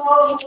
الله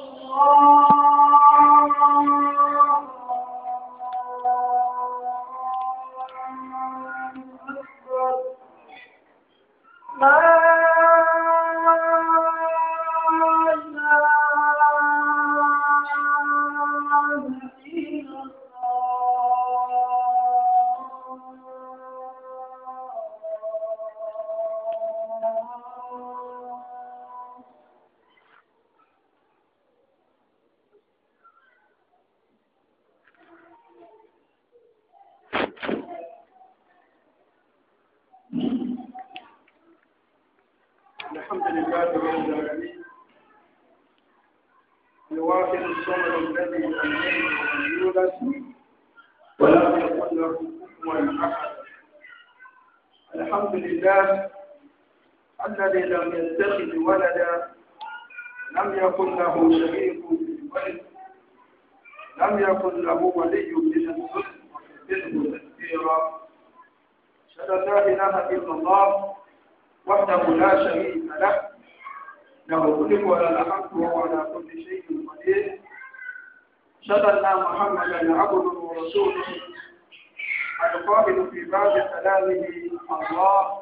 الله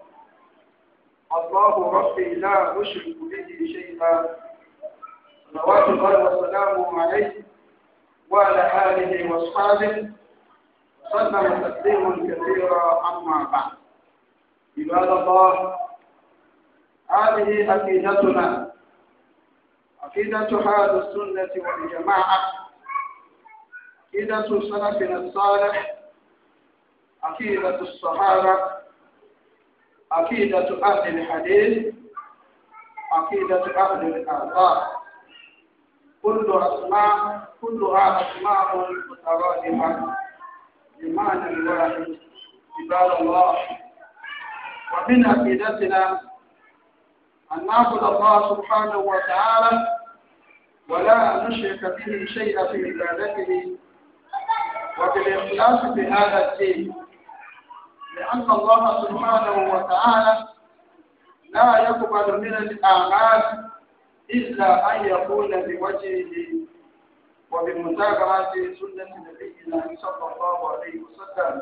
الله ربي لا أشرك به شيئا صلوات الله وسلامه عليه وعلى آله وأصحابه وسلم تسليما كثيرا أما بعد عباد الله هذه عقيدتنا عقيدة أهل السنة والجماعة عقيدة سلفنا الصالح عقيدة الصحابة عقيدة أهل الحديث عقيدة أهل الآثار كلها أسماء كلها أسماء مترادفة إيمان الواحد عباد الله ومن عقيدتنا أن نعبد الله سبحانه وتعالى ولا نشرك به شيئا في عبادته وبالإخلاص في هذا الدين لأن الله سبحانه وتعالى لا يقبل من الأعمال إلا أن يكون بوجهه وبمتابعة سنة نبينا صلى الله عليه وسلم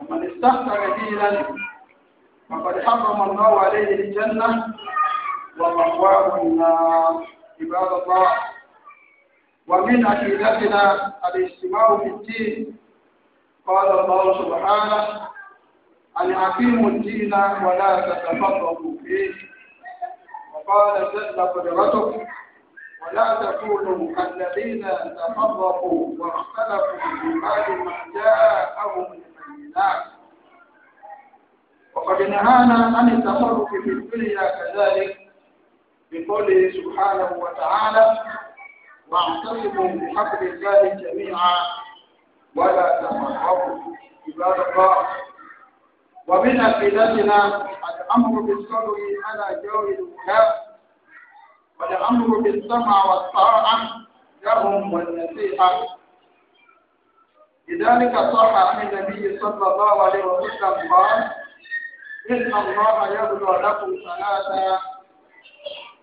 ومن استحسن دينا فقد حرم الله عليه الجنة ومأواه النار عباد الله ومن عقيدتنا الاجتماع في الدين قال الله سبحانه أن أقيموا الدين ولا تتفرقوا فيه وقال جل قدرته ولا تكونوا كالذين تفرقوا واختلفوا من بعد ما جاءهم البينات وقد نهانا عن التفرق في الدنيا كذلك بقوله سبحانه وتعالى واعتصموا بحبل الله جميعا ولا تفرقوا عباد الله ومن أفئدتنا الأمر بالصبر على جو الولاء والأمر بالسمع والطاعة لهم والنصيحة لذلك صح عن النبي صلى الله عليه وسلم قال إن الله يبلغ لكم ثلاثة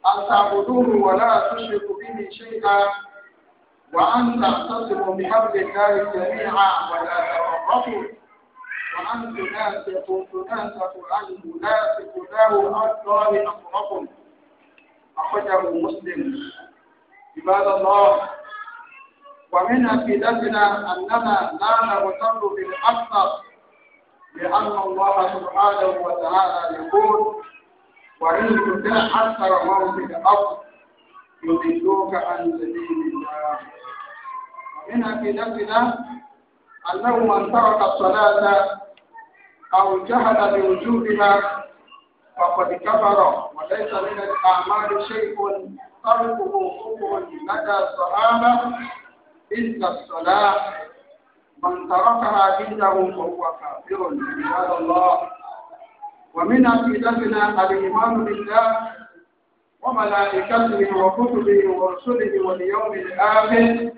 أن تعبدوه ولا تشركوا به شيئا وأن تعتصموا بحبل الله جميعا ولا تفرقوا وأن تناسق تناسق المناسق له أكثر أقربكم أخرجه مسلم عباد الله ومن عقيدتنا أننا لا نغتر بالأكثر لأن الله سبحانه وتعالى يقول وإن تطع أكثر من في الأرض يضلوك عن سبيل الله ومن عقيدتنا أنه من ترك الصلاة أو جهل بوجودها فقد كفر وليس من الأعمال شيء تركه كفر لدى الصحابة إلا الصلاة من تركها عنده فهو كافر عباد الله ومن عقيدتنا الإيمان بالله وملائكته وكتبه ورسله واليوم الآخر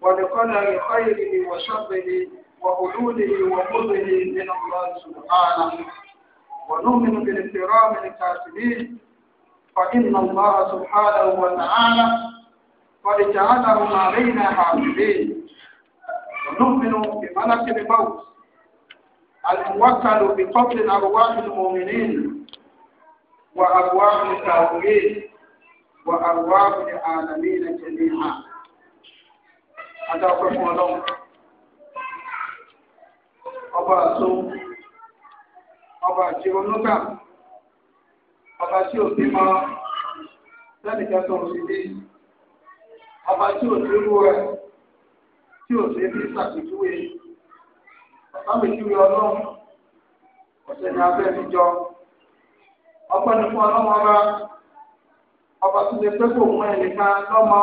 ولقدر خيره وشره وحلوله وفضله من الله سبحانه ونؤمن بالاحترام الكاتبين فإن الله سبحانه وتعالى قد جعلهم علينا حافظين ونؤمن بملك الموت الموكل بقتل أرواح المؤمنين وأرواح الكافرين وأرواح العالمين جميعا. هذا هو ọba àtó ọba àti onúkà ọba tí ò bímọ ọba tí ò dúró rẹ̀ tí ò sí bí sàpèjúwe sàpèjúwe ọlọ́run ọ̀sẹ̀ ní abẹ́ ọlọ́run ọba ọba tó lè pé kò mú ẹnìkan lọ́mọ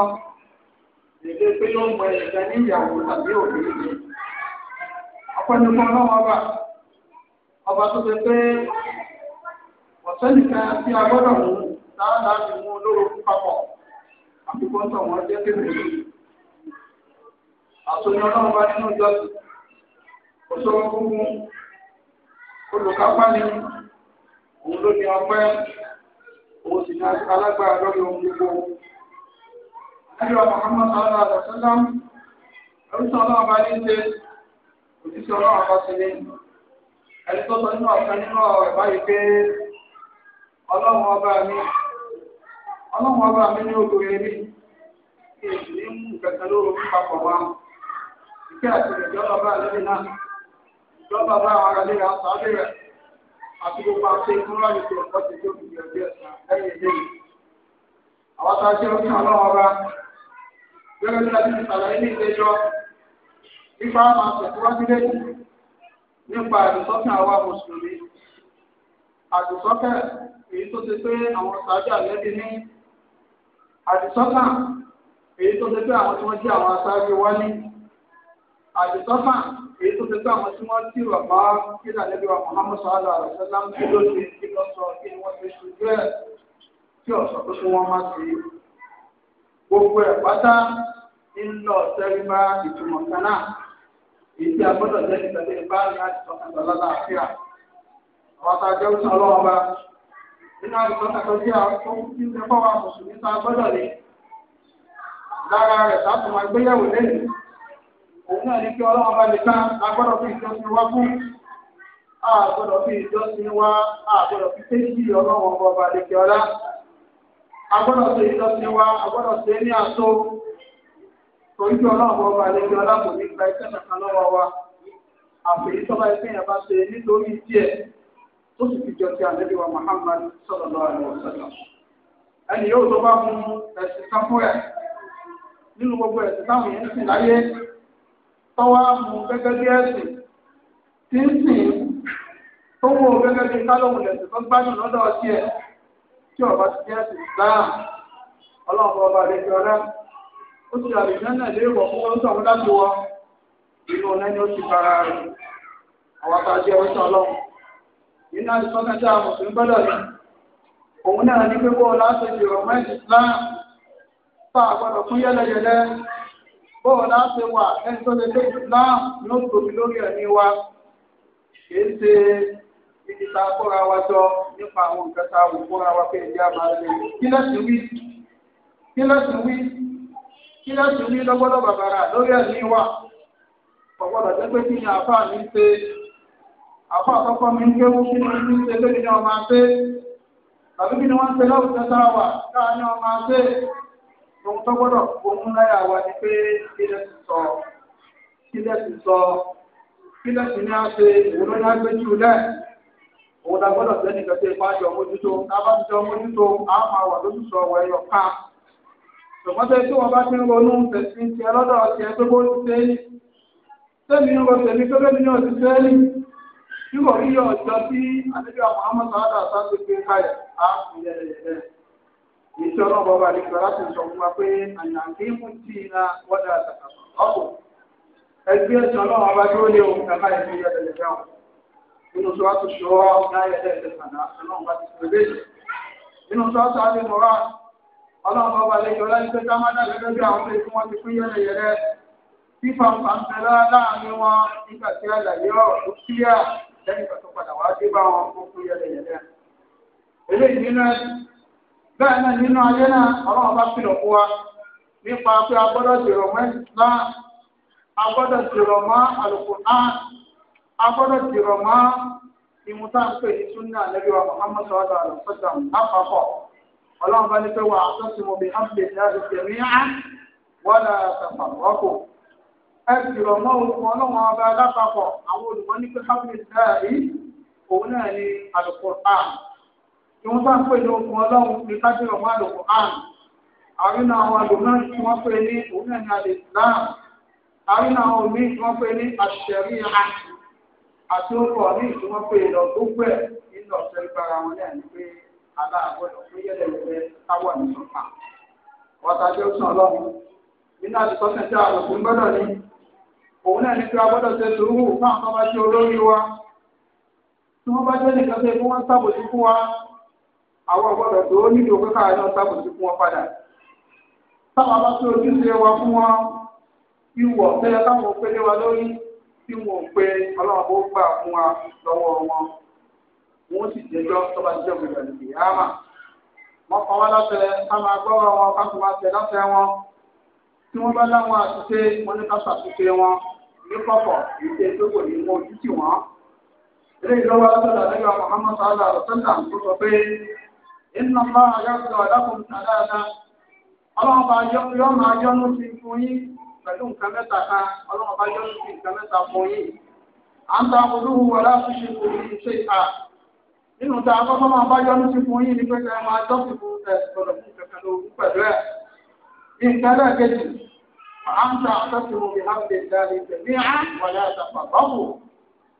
lè lè ọ̀pẹ̀lẹ̀kọ̀ ọlọ́wọ́ ọba ọba tó ṣe pé ọ̀sẹ́nìkan tí a gbọ́dọ̀ mú dáadáa ti mú olóró papọ̀ àfikún tó wọ́n jẹ́ kékeré àtúnyọ ọlọ́wọ́ bá nínú ìjọsìn òṣòro gbogbo olùkápá ni òun ló ní ọpẹ́ òun sì ní alágbára lórí ohun gbogbo. Ẹ̀rọ Mọ̀hámọ́sán Aláàdàsọ́lá, ẹ̀rú sọ́lá ọba ní ṣe. òtítọ́ ọlọ́run bá ṣe lẹ́yìn ẹni tó sọ nínú ọ̀kan nínú ọ̀rọ̀ báyìí ọba mi ọlọ́run ọba mi ní mi kí èsì ní mú lóru fún papọ̀ wa àti ìjọba náà ìjọba àwọn ará rẹ̀ àti gbogbo àti ọ̀pọ̀ ti tó ẹ̀sán lẹ́yìn àwọn tá a ṣe ọdún ọlọ́run a ipa máa tẹ̀síwájú lẹ́yìn nípa àdùsọ́kẹ́ àwa mùsùlùmí àdùsọ́kẹ́ èyí tó ti pé àwọn ṣáájú àlẹ́bí ní àdùsọ́kà èyí tó ti pé àwọn tí wọ́n jẹ́ àwọn aṣáájú wá ní àdùsọ́kà èyí tó ti pé àwọn tí wọ́n ti rọ̀ bá kílà lẹ́bí wa Muhammad sallallahu alaihi wasallam kí ló ṣe kí lọ sọ kí ni wọ́n ṣe ṣojú ẹ̀ tí ọ̀sọ̀ tó ṣe wọ́n má sí gbogbo ẹ̀ pátá ń lọ sẹ́rí bá ìtumọ̀ kan náà. ìdí agbọ́dọ̀ jẹ́ ìtẹ̀lé báyìí láti sọ́kàn lọ́la Àwọn àtàjọ ń sọ lọ́wọ́ Nínú àdìsọ́kà tó jẹ́ àwọn tó ń fi ń fọwọ́ mùsùlùmí tá a gbọ́dọ̀ lé. Lára rẹ̀ sábùn àgbéyẹ̀wò lẹ́yìn. Òun náà ní kí ọlọ́wọ́ bá lè ká agbọ́dọ̀ fi ìjọsìn wá fún. A gbọ́dọ̀ fi ìjọsìn wá a fi ọba ọlá. wá ní ojú ọlọ́run ọba àlejò alábòmí gba iṣẹ́ kankan lọ́wọ́ wa àfẹ́yí tọ́ba ẹgbẹ́ yẹn bá ṣe nítorí díẹ̀ tó sì fi jọ àlejò wa Muhammad sallallahu alaihi wasallam ẹni yóò tó bá mú ẹ̀sìn kan ẹ̀ nínú gbogbo ẹ̀sìn táwọn yẹn ń sìn láyé tọ́wọ́ mú gẹ́gẹ́ bí ẹ̀sìn tí ń sìn tó gẹ́gẹ́ bí kálọ̀mù tó lọ́dọ̀ ọba ọba ó ti àlùjẹ́ náà léèwọ̀ fún wọn sọ̀rọ̀ láti wọ inú ọ̀nà ó ti fara rẹ̀ àwọn abájẹ́ ọ̀sán ọlọ́run nínú àìsọ́kàn tí a mùsùlùmí gbọ́dọ̀ ní òun náà ní pé láti di ọmọ ìsìláà tá a gbọ́dọ̀ fún yẹ́lẹ́yẹ́lẹ́ bóun láti wà ẹni tó lè dé ìsìláà ní ó tóbi lórí ẹ̀mí wa kìí ṣe ibi tá a kóra wa jọ nípa àwọn nǹkan tá a wò fúnra wa pé ìdí àmàlẹ́ kí lẹ́sìn wí kí lẹ́sìn wí kí lẹ́sùn ní lọ́gbọ́dọ̀ bàbàrà lórí ẹ̀mí wa ọ̀gbọ́dọ̀ jẹ́ pé kí ni àfa mi ń ṣe àfa àkọ́kọ́ mi ń kéwú kí ni wọ́n ti ń ṣe lórí náà máa ṣe tàbí kí ni wọ́n ń ṣe láwùjọ tá a wà káà ní ọmọ ṣe ohun tó gbọ́dọ̀ ohun láyà wa ni pé kí lẹ́sùn sọ kí lẹ́sùn sọ ní a ṣe òun ló ní a gbé jù lẹ́ òun la gbọ́dọ̀ sẹ́ni kẹ́kẹ́ ìpájọ mójútó tábàtújọ mójútó á máa wà lójútó ọ̀wọ́ ṣùgbọ́n tẹ́ tí wọ́n bá ti ń ronú tẹ̀sí ti ọlọ́dọ̀ ọ̀sẹ̀ tó bó ti sẹ́ẹ̀lì sẹ́mi ń rọṣẹ̀ mi pẹ́pẹ́ mi ní ọ̀sẹ̀ sẹ́ẹ̀lì tí wọ́n rí ọjọ́ tí àdébíà Muhammad sàádà sáṣẹ pé káyọ̀ á fi yẹ̀yẹ̀ ìṣọ́ náà bọ́ba àdìgbà láti sọ fún wa pé àyàǹkì mú tí iná wọ́dà àtàkàtà ọ̀pọ̀ ẹgbẹ́ ẹ̀sọ́ náà wọn bá dúró lé òun kàkà ẹ̀mí yẹ̀yẹ̀ dáhùn nínú tó wá tó ṣọ́ ọ́ náà yẹ̀yẹ̀ ẹ̀sẹ̀ sàdá ẹ̀sẹ̀ náà wọn bá ti sọ ọlọ́run ọba lẹ́yìn ọlọ́run ká má dà lẹ́gbẹ́ bí àwọn ilé tí wọ́n ti pín yẹ́lẹ́yẹ́lẹ́ fífa nǹkan láàrin wọn nígbà tí àlàyé ọ̀rọ̀ tó kíyà lẹ́yìn tó padà wá dé bá wọn fún pín yẹ́lẹ́yẹ́lẹ́. eléyìí nínú ẹ bẹ́ẹ̀ náà nínú ayé náà ọlọ́run bá kìlọ̀ fún wa nípa pé a gbọ́dọ̀ dèrò mọ́ Islam a gbọ́dọ̀ dèrò mọ́ Al-Qur'an a gbọ́dọ̀ dèrò mọ́ ìmúta ń pè ní sunna Ànábì wa Muhammad sallallahu alaihi wasallam lápapọ̀ ọlọ́run bá ní pé wà àtọ́sí mo bí ápùlẹ̀ láti tẹ̀mí á wọ́n là tàpá rọ́pò ẹ sì rọ̀ mọ́ orúkọ ọlọ́run ọba lápapọ̀ àwọn olùmọ́ ní pé ápùlẹ̀ láàrí òun náà ní àlùkò àn tí wọ́n bá ń pè ní okùn ọlọ́run ní kájú rọ̀ mọ́ àlùkò àn àrínà àwọn àlùmọ́ tí wọ́n pè ní òun náà ní àlè islam àrínà àwọn míì tí wọ́n pè ní àṣẹrí àti orúkọ míì tí wọ́n pè ní aláàgbọ̀dọ̀ fún yẹlẹ̀ ìfẹ́ káwọ̀ ní ọ̀pá. ọ̀tàjọ́ sàn ọlọ́run nínú àdìsọ́sẹ̀ tí a rò fún gbọ́dọ̀ ni òun náà ní pé a gbọ́dọ̀ ṣe sùúrù fáwọn tó bá ṣe olórí wa tí wọ́n bá jẹ́ nìkan pé kí wọ́n ṣàbòsí fún wa àwọn ọgbọ́dọ̀ tó nílò pé káà náà ṣàbòsí fún wọn padà. táwọn bá tó ojúṣe wa fún wọn bí wọ̀ fẹ́ káwọn pélé wa lórí bí wọn pé ọlọ́run ó gbà fún wa lọ́wọ́ wọn wọ́n sì jẹjọ́ tọ́ba jẹ́ òun ìgbàlè ìyáàmà wọ́n pa wá lọ́sẹ̀ ká máa gbọ́rọ̀ wọn ká tó máa tẹ̀ lọ́sẹ̀ wọn tí wọ́n bá láwọn àtúnṣe wọn ní ká ṣàtúnṣe wọn ní kọ̀kọ̀ ìṣe tó kò ní mọ ojútì wọn. ilé ìjọba lọ́sọ̀dà lẹ́yìn ọmọ mọ́mọ́ sàálà lọ́sọ̀dà tó sọ pé iná bá ayọ́kọ̀ ọ̀dọ́kùnrin dáadáa ọlọ́run bá yọ máa yọnu sí fún yín pẹ̀lú nǹkan mẹ́ta kan ọlọ́run bá yọnu sí nǹkan mẹ́ta fún yín. à nínú tá a kọ́kọ́ máa bá yọnu sí fún yín ní pé kẹ́ ẹ máa jọ́sìn fún ẹ gbọ́dọ̀ fún kẹ̀kẹ́ lóògùn pẹ̀lú ẹ̀. nǹkan lẹ́ẹ̀kejì máa ń ta àtọ́sí omi láti dáre tẹ̀lé á wàlẹ́ àtàpà báwò.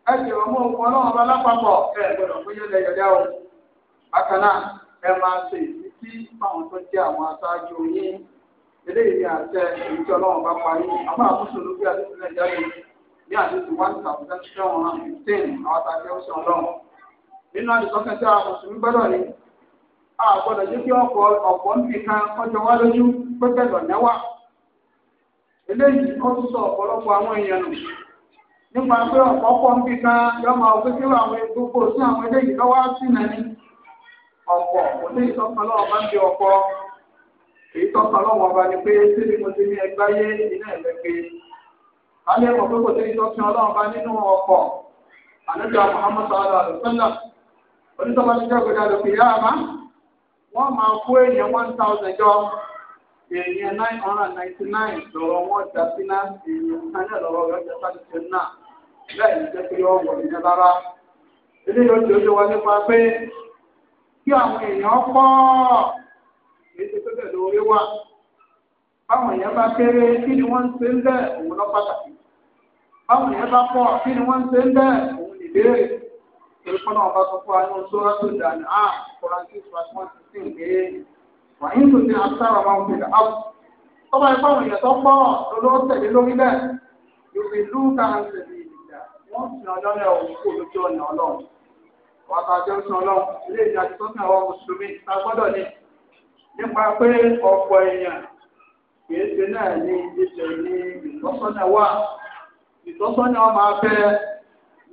ẹ sì rọ̀ mọ́ òkú ọlọ́run bá lápapọ̀ ẹ gbọ́dọ̀ fún yẹn lẹ́yẹ̀dẹ́ o. bákan náà ẹ máa ṣe ìfisí fáwọn tó jẹ́ àwọn àṣẹ èyí tí ọlọ́run bá parí àbá àkóso ló bí àdéhùn náà ní àdéhùn one thousand seven àwọn àtàkẹ́ ọ̀sán ọlọ́run. nínú àdìsọ́kàn tí àwọn mùsùlùmí gbọ́dọ̀ ní àgbọ̀dọ̀ jẹ́ kí ọ̀pọ̀ ọ̀pọ̀ ń fi kan ọjọ́ wá lójú pẹ́pẹ́dọ̀ náwà eléyìí ó tún sọ ọ̀pọ̀lọpọ̀ àwọn èèyàn nù nípa pé ọ̀pọ̀ pọ̀ ń fi kan yọ máa àwọn sí àwọn eléyìí lọ́wọ́ sí ọ̀pọ̀ kò ní ń pé onítọ́mọ́síjọ́ gbẹ̀dá ló fi yá àmá wọ́n máa kó èèyàn one thousand jọ èèyàn nine hundred ninety nine lọ́rọ̀ wọn jà sí náà na sáyẹn lọ́rọ̀ rẹ̀ jẹ́ sáyẹn sí náà bẹ́ẹ̀ ni jẹ́ pé na wọ̀ ní rárá ilé yóò di ojú wa nípa pé kí àwọn èèyàn pọ̀ èyí ti wa báwọn èèyàn bá kéré kí ni wọ́n ń ń bẹ́ẹ̀ òun báwọn èèyàn bá pọ̀ kí ni wọ́n ń ìrìkọ́nà ọba sọ fún wa ní oṣù rẹ́pù ìdáná àà kọ́rántì ìfúrasí wọn ti sìn pé wàá yín tún ní asára máa ń pèlè áwù. tọ́ba ẹ̀fọ́ àwọn èèyàn tó pọ̀ lọ́dọ́ tẹ̀lé lórí bẹ́ẹ̀ yóò fi lú káàkiri ìdíjà wọ́n sì ń ọjọ́ rẹ̀ òun kò lójú ọ̀nà ọlọ́run. wàtà jẹ́ oṣù ọlọ́run ilé ìjà tó sìn àwọn mùsùlùmí ta gbọ́dọ̀ ní. nípa pé ọ̀pọ̀ èèyàn kìí ṣe náà ní ìṣẹ̀lẹ̀ ìtọ́sọ́nà wà ìtọ́sọ́nà máa fẹ́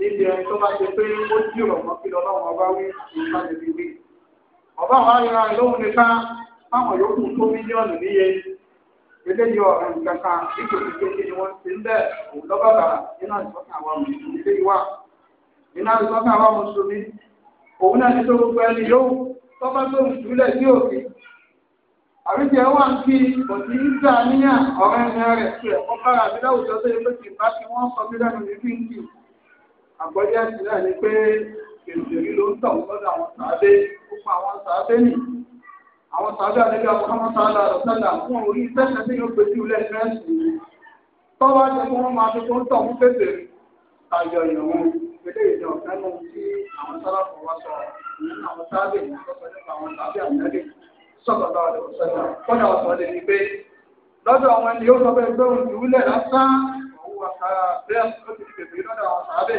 níbi ẹni tó bá ṣe pé ó jí ọ̀rọ̀ kí lọ́wọ́ ọba wí ìgbà níbi wí. ọba àwọn arìnrìn àrìn lóhun nípa fáwọn yòókù tó mílíọ̀nù níye eléyìí ọ̀rẹ́ nǹkan nítorí kékeré ni wọ́n ti ń bẹ̀ òun lọ́bàbà nínú àìsọ́kàn àwọn mùsùlùmí lé wà nínú àìsọ́kàn àwọn mùsùlùmí òun náà ní tó gbogbo ẹni yóò tọ́ba tó ìdúlẹ̀ sí òkè àríjẹ wà ń kí òtí ń gbà níyà ọ̀rẹ́ ní àgbọ́jẹ́ sí náà ni pé kèsìrí ló ń tọ̀ lọ́dọ̀ àwọn sàádé púpọ̀ àwọn sàádé nì àwọn sàádé àdébíà Muhammad sàádé àlọ́sàdà fún orí sẹ́sẹ̀ tí yóò pèsè ilé fẹ́ǹsì tọ́wọ́ àti fún wọn máa fi tó ń tọ̀ fún pèsè tayọ ìyọ̀wọ́n ìpínlẹ̀ èdè ọ̀fẹ́ mọ́ sí àwọn sálàfọ̀ wá sọ nínú àwọn sàádé ìyàtọ̀ nípa àwọn sàádé àmẹ́lẹ̀ sọ̀tọ̀ lọ́dọ̀ àwọn ènìyàn sọ pé gbẹ́rùn ìwúlẹ̀ lásán òun lọ́dọ̀ àwọn sàádé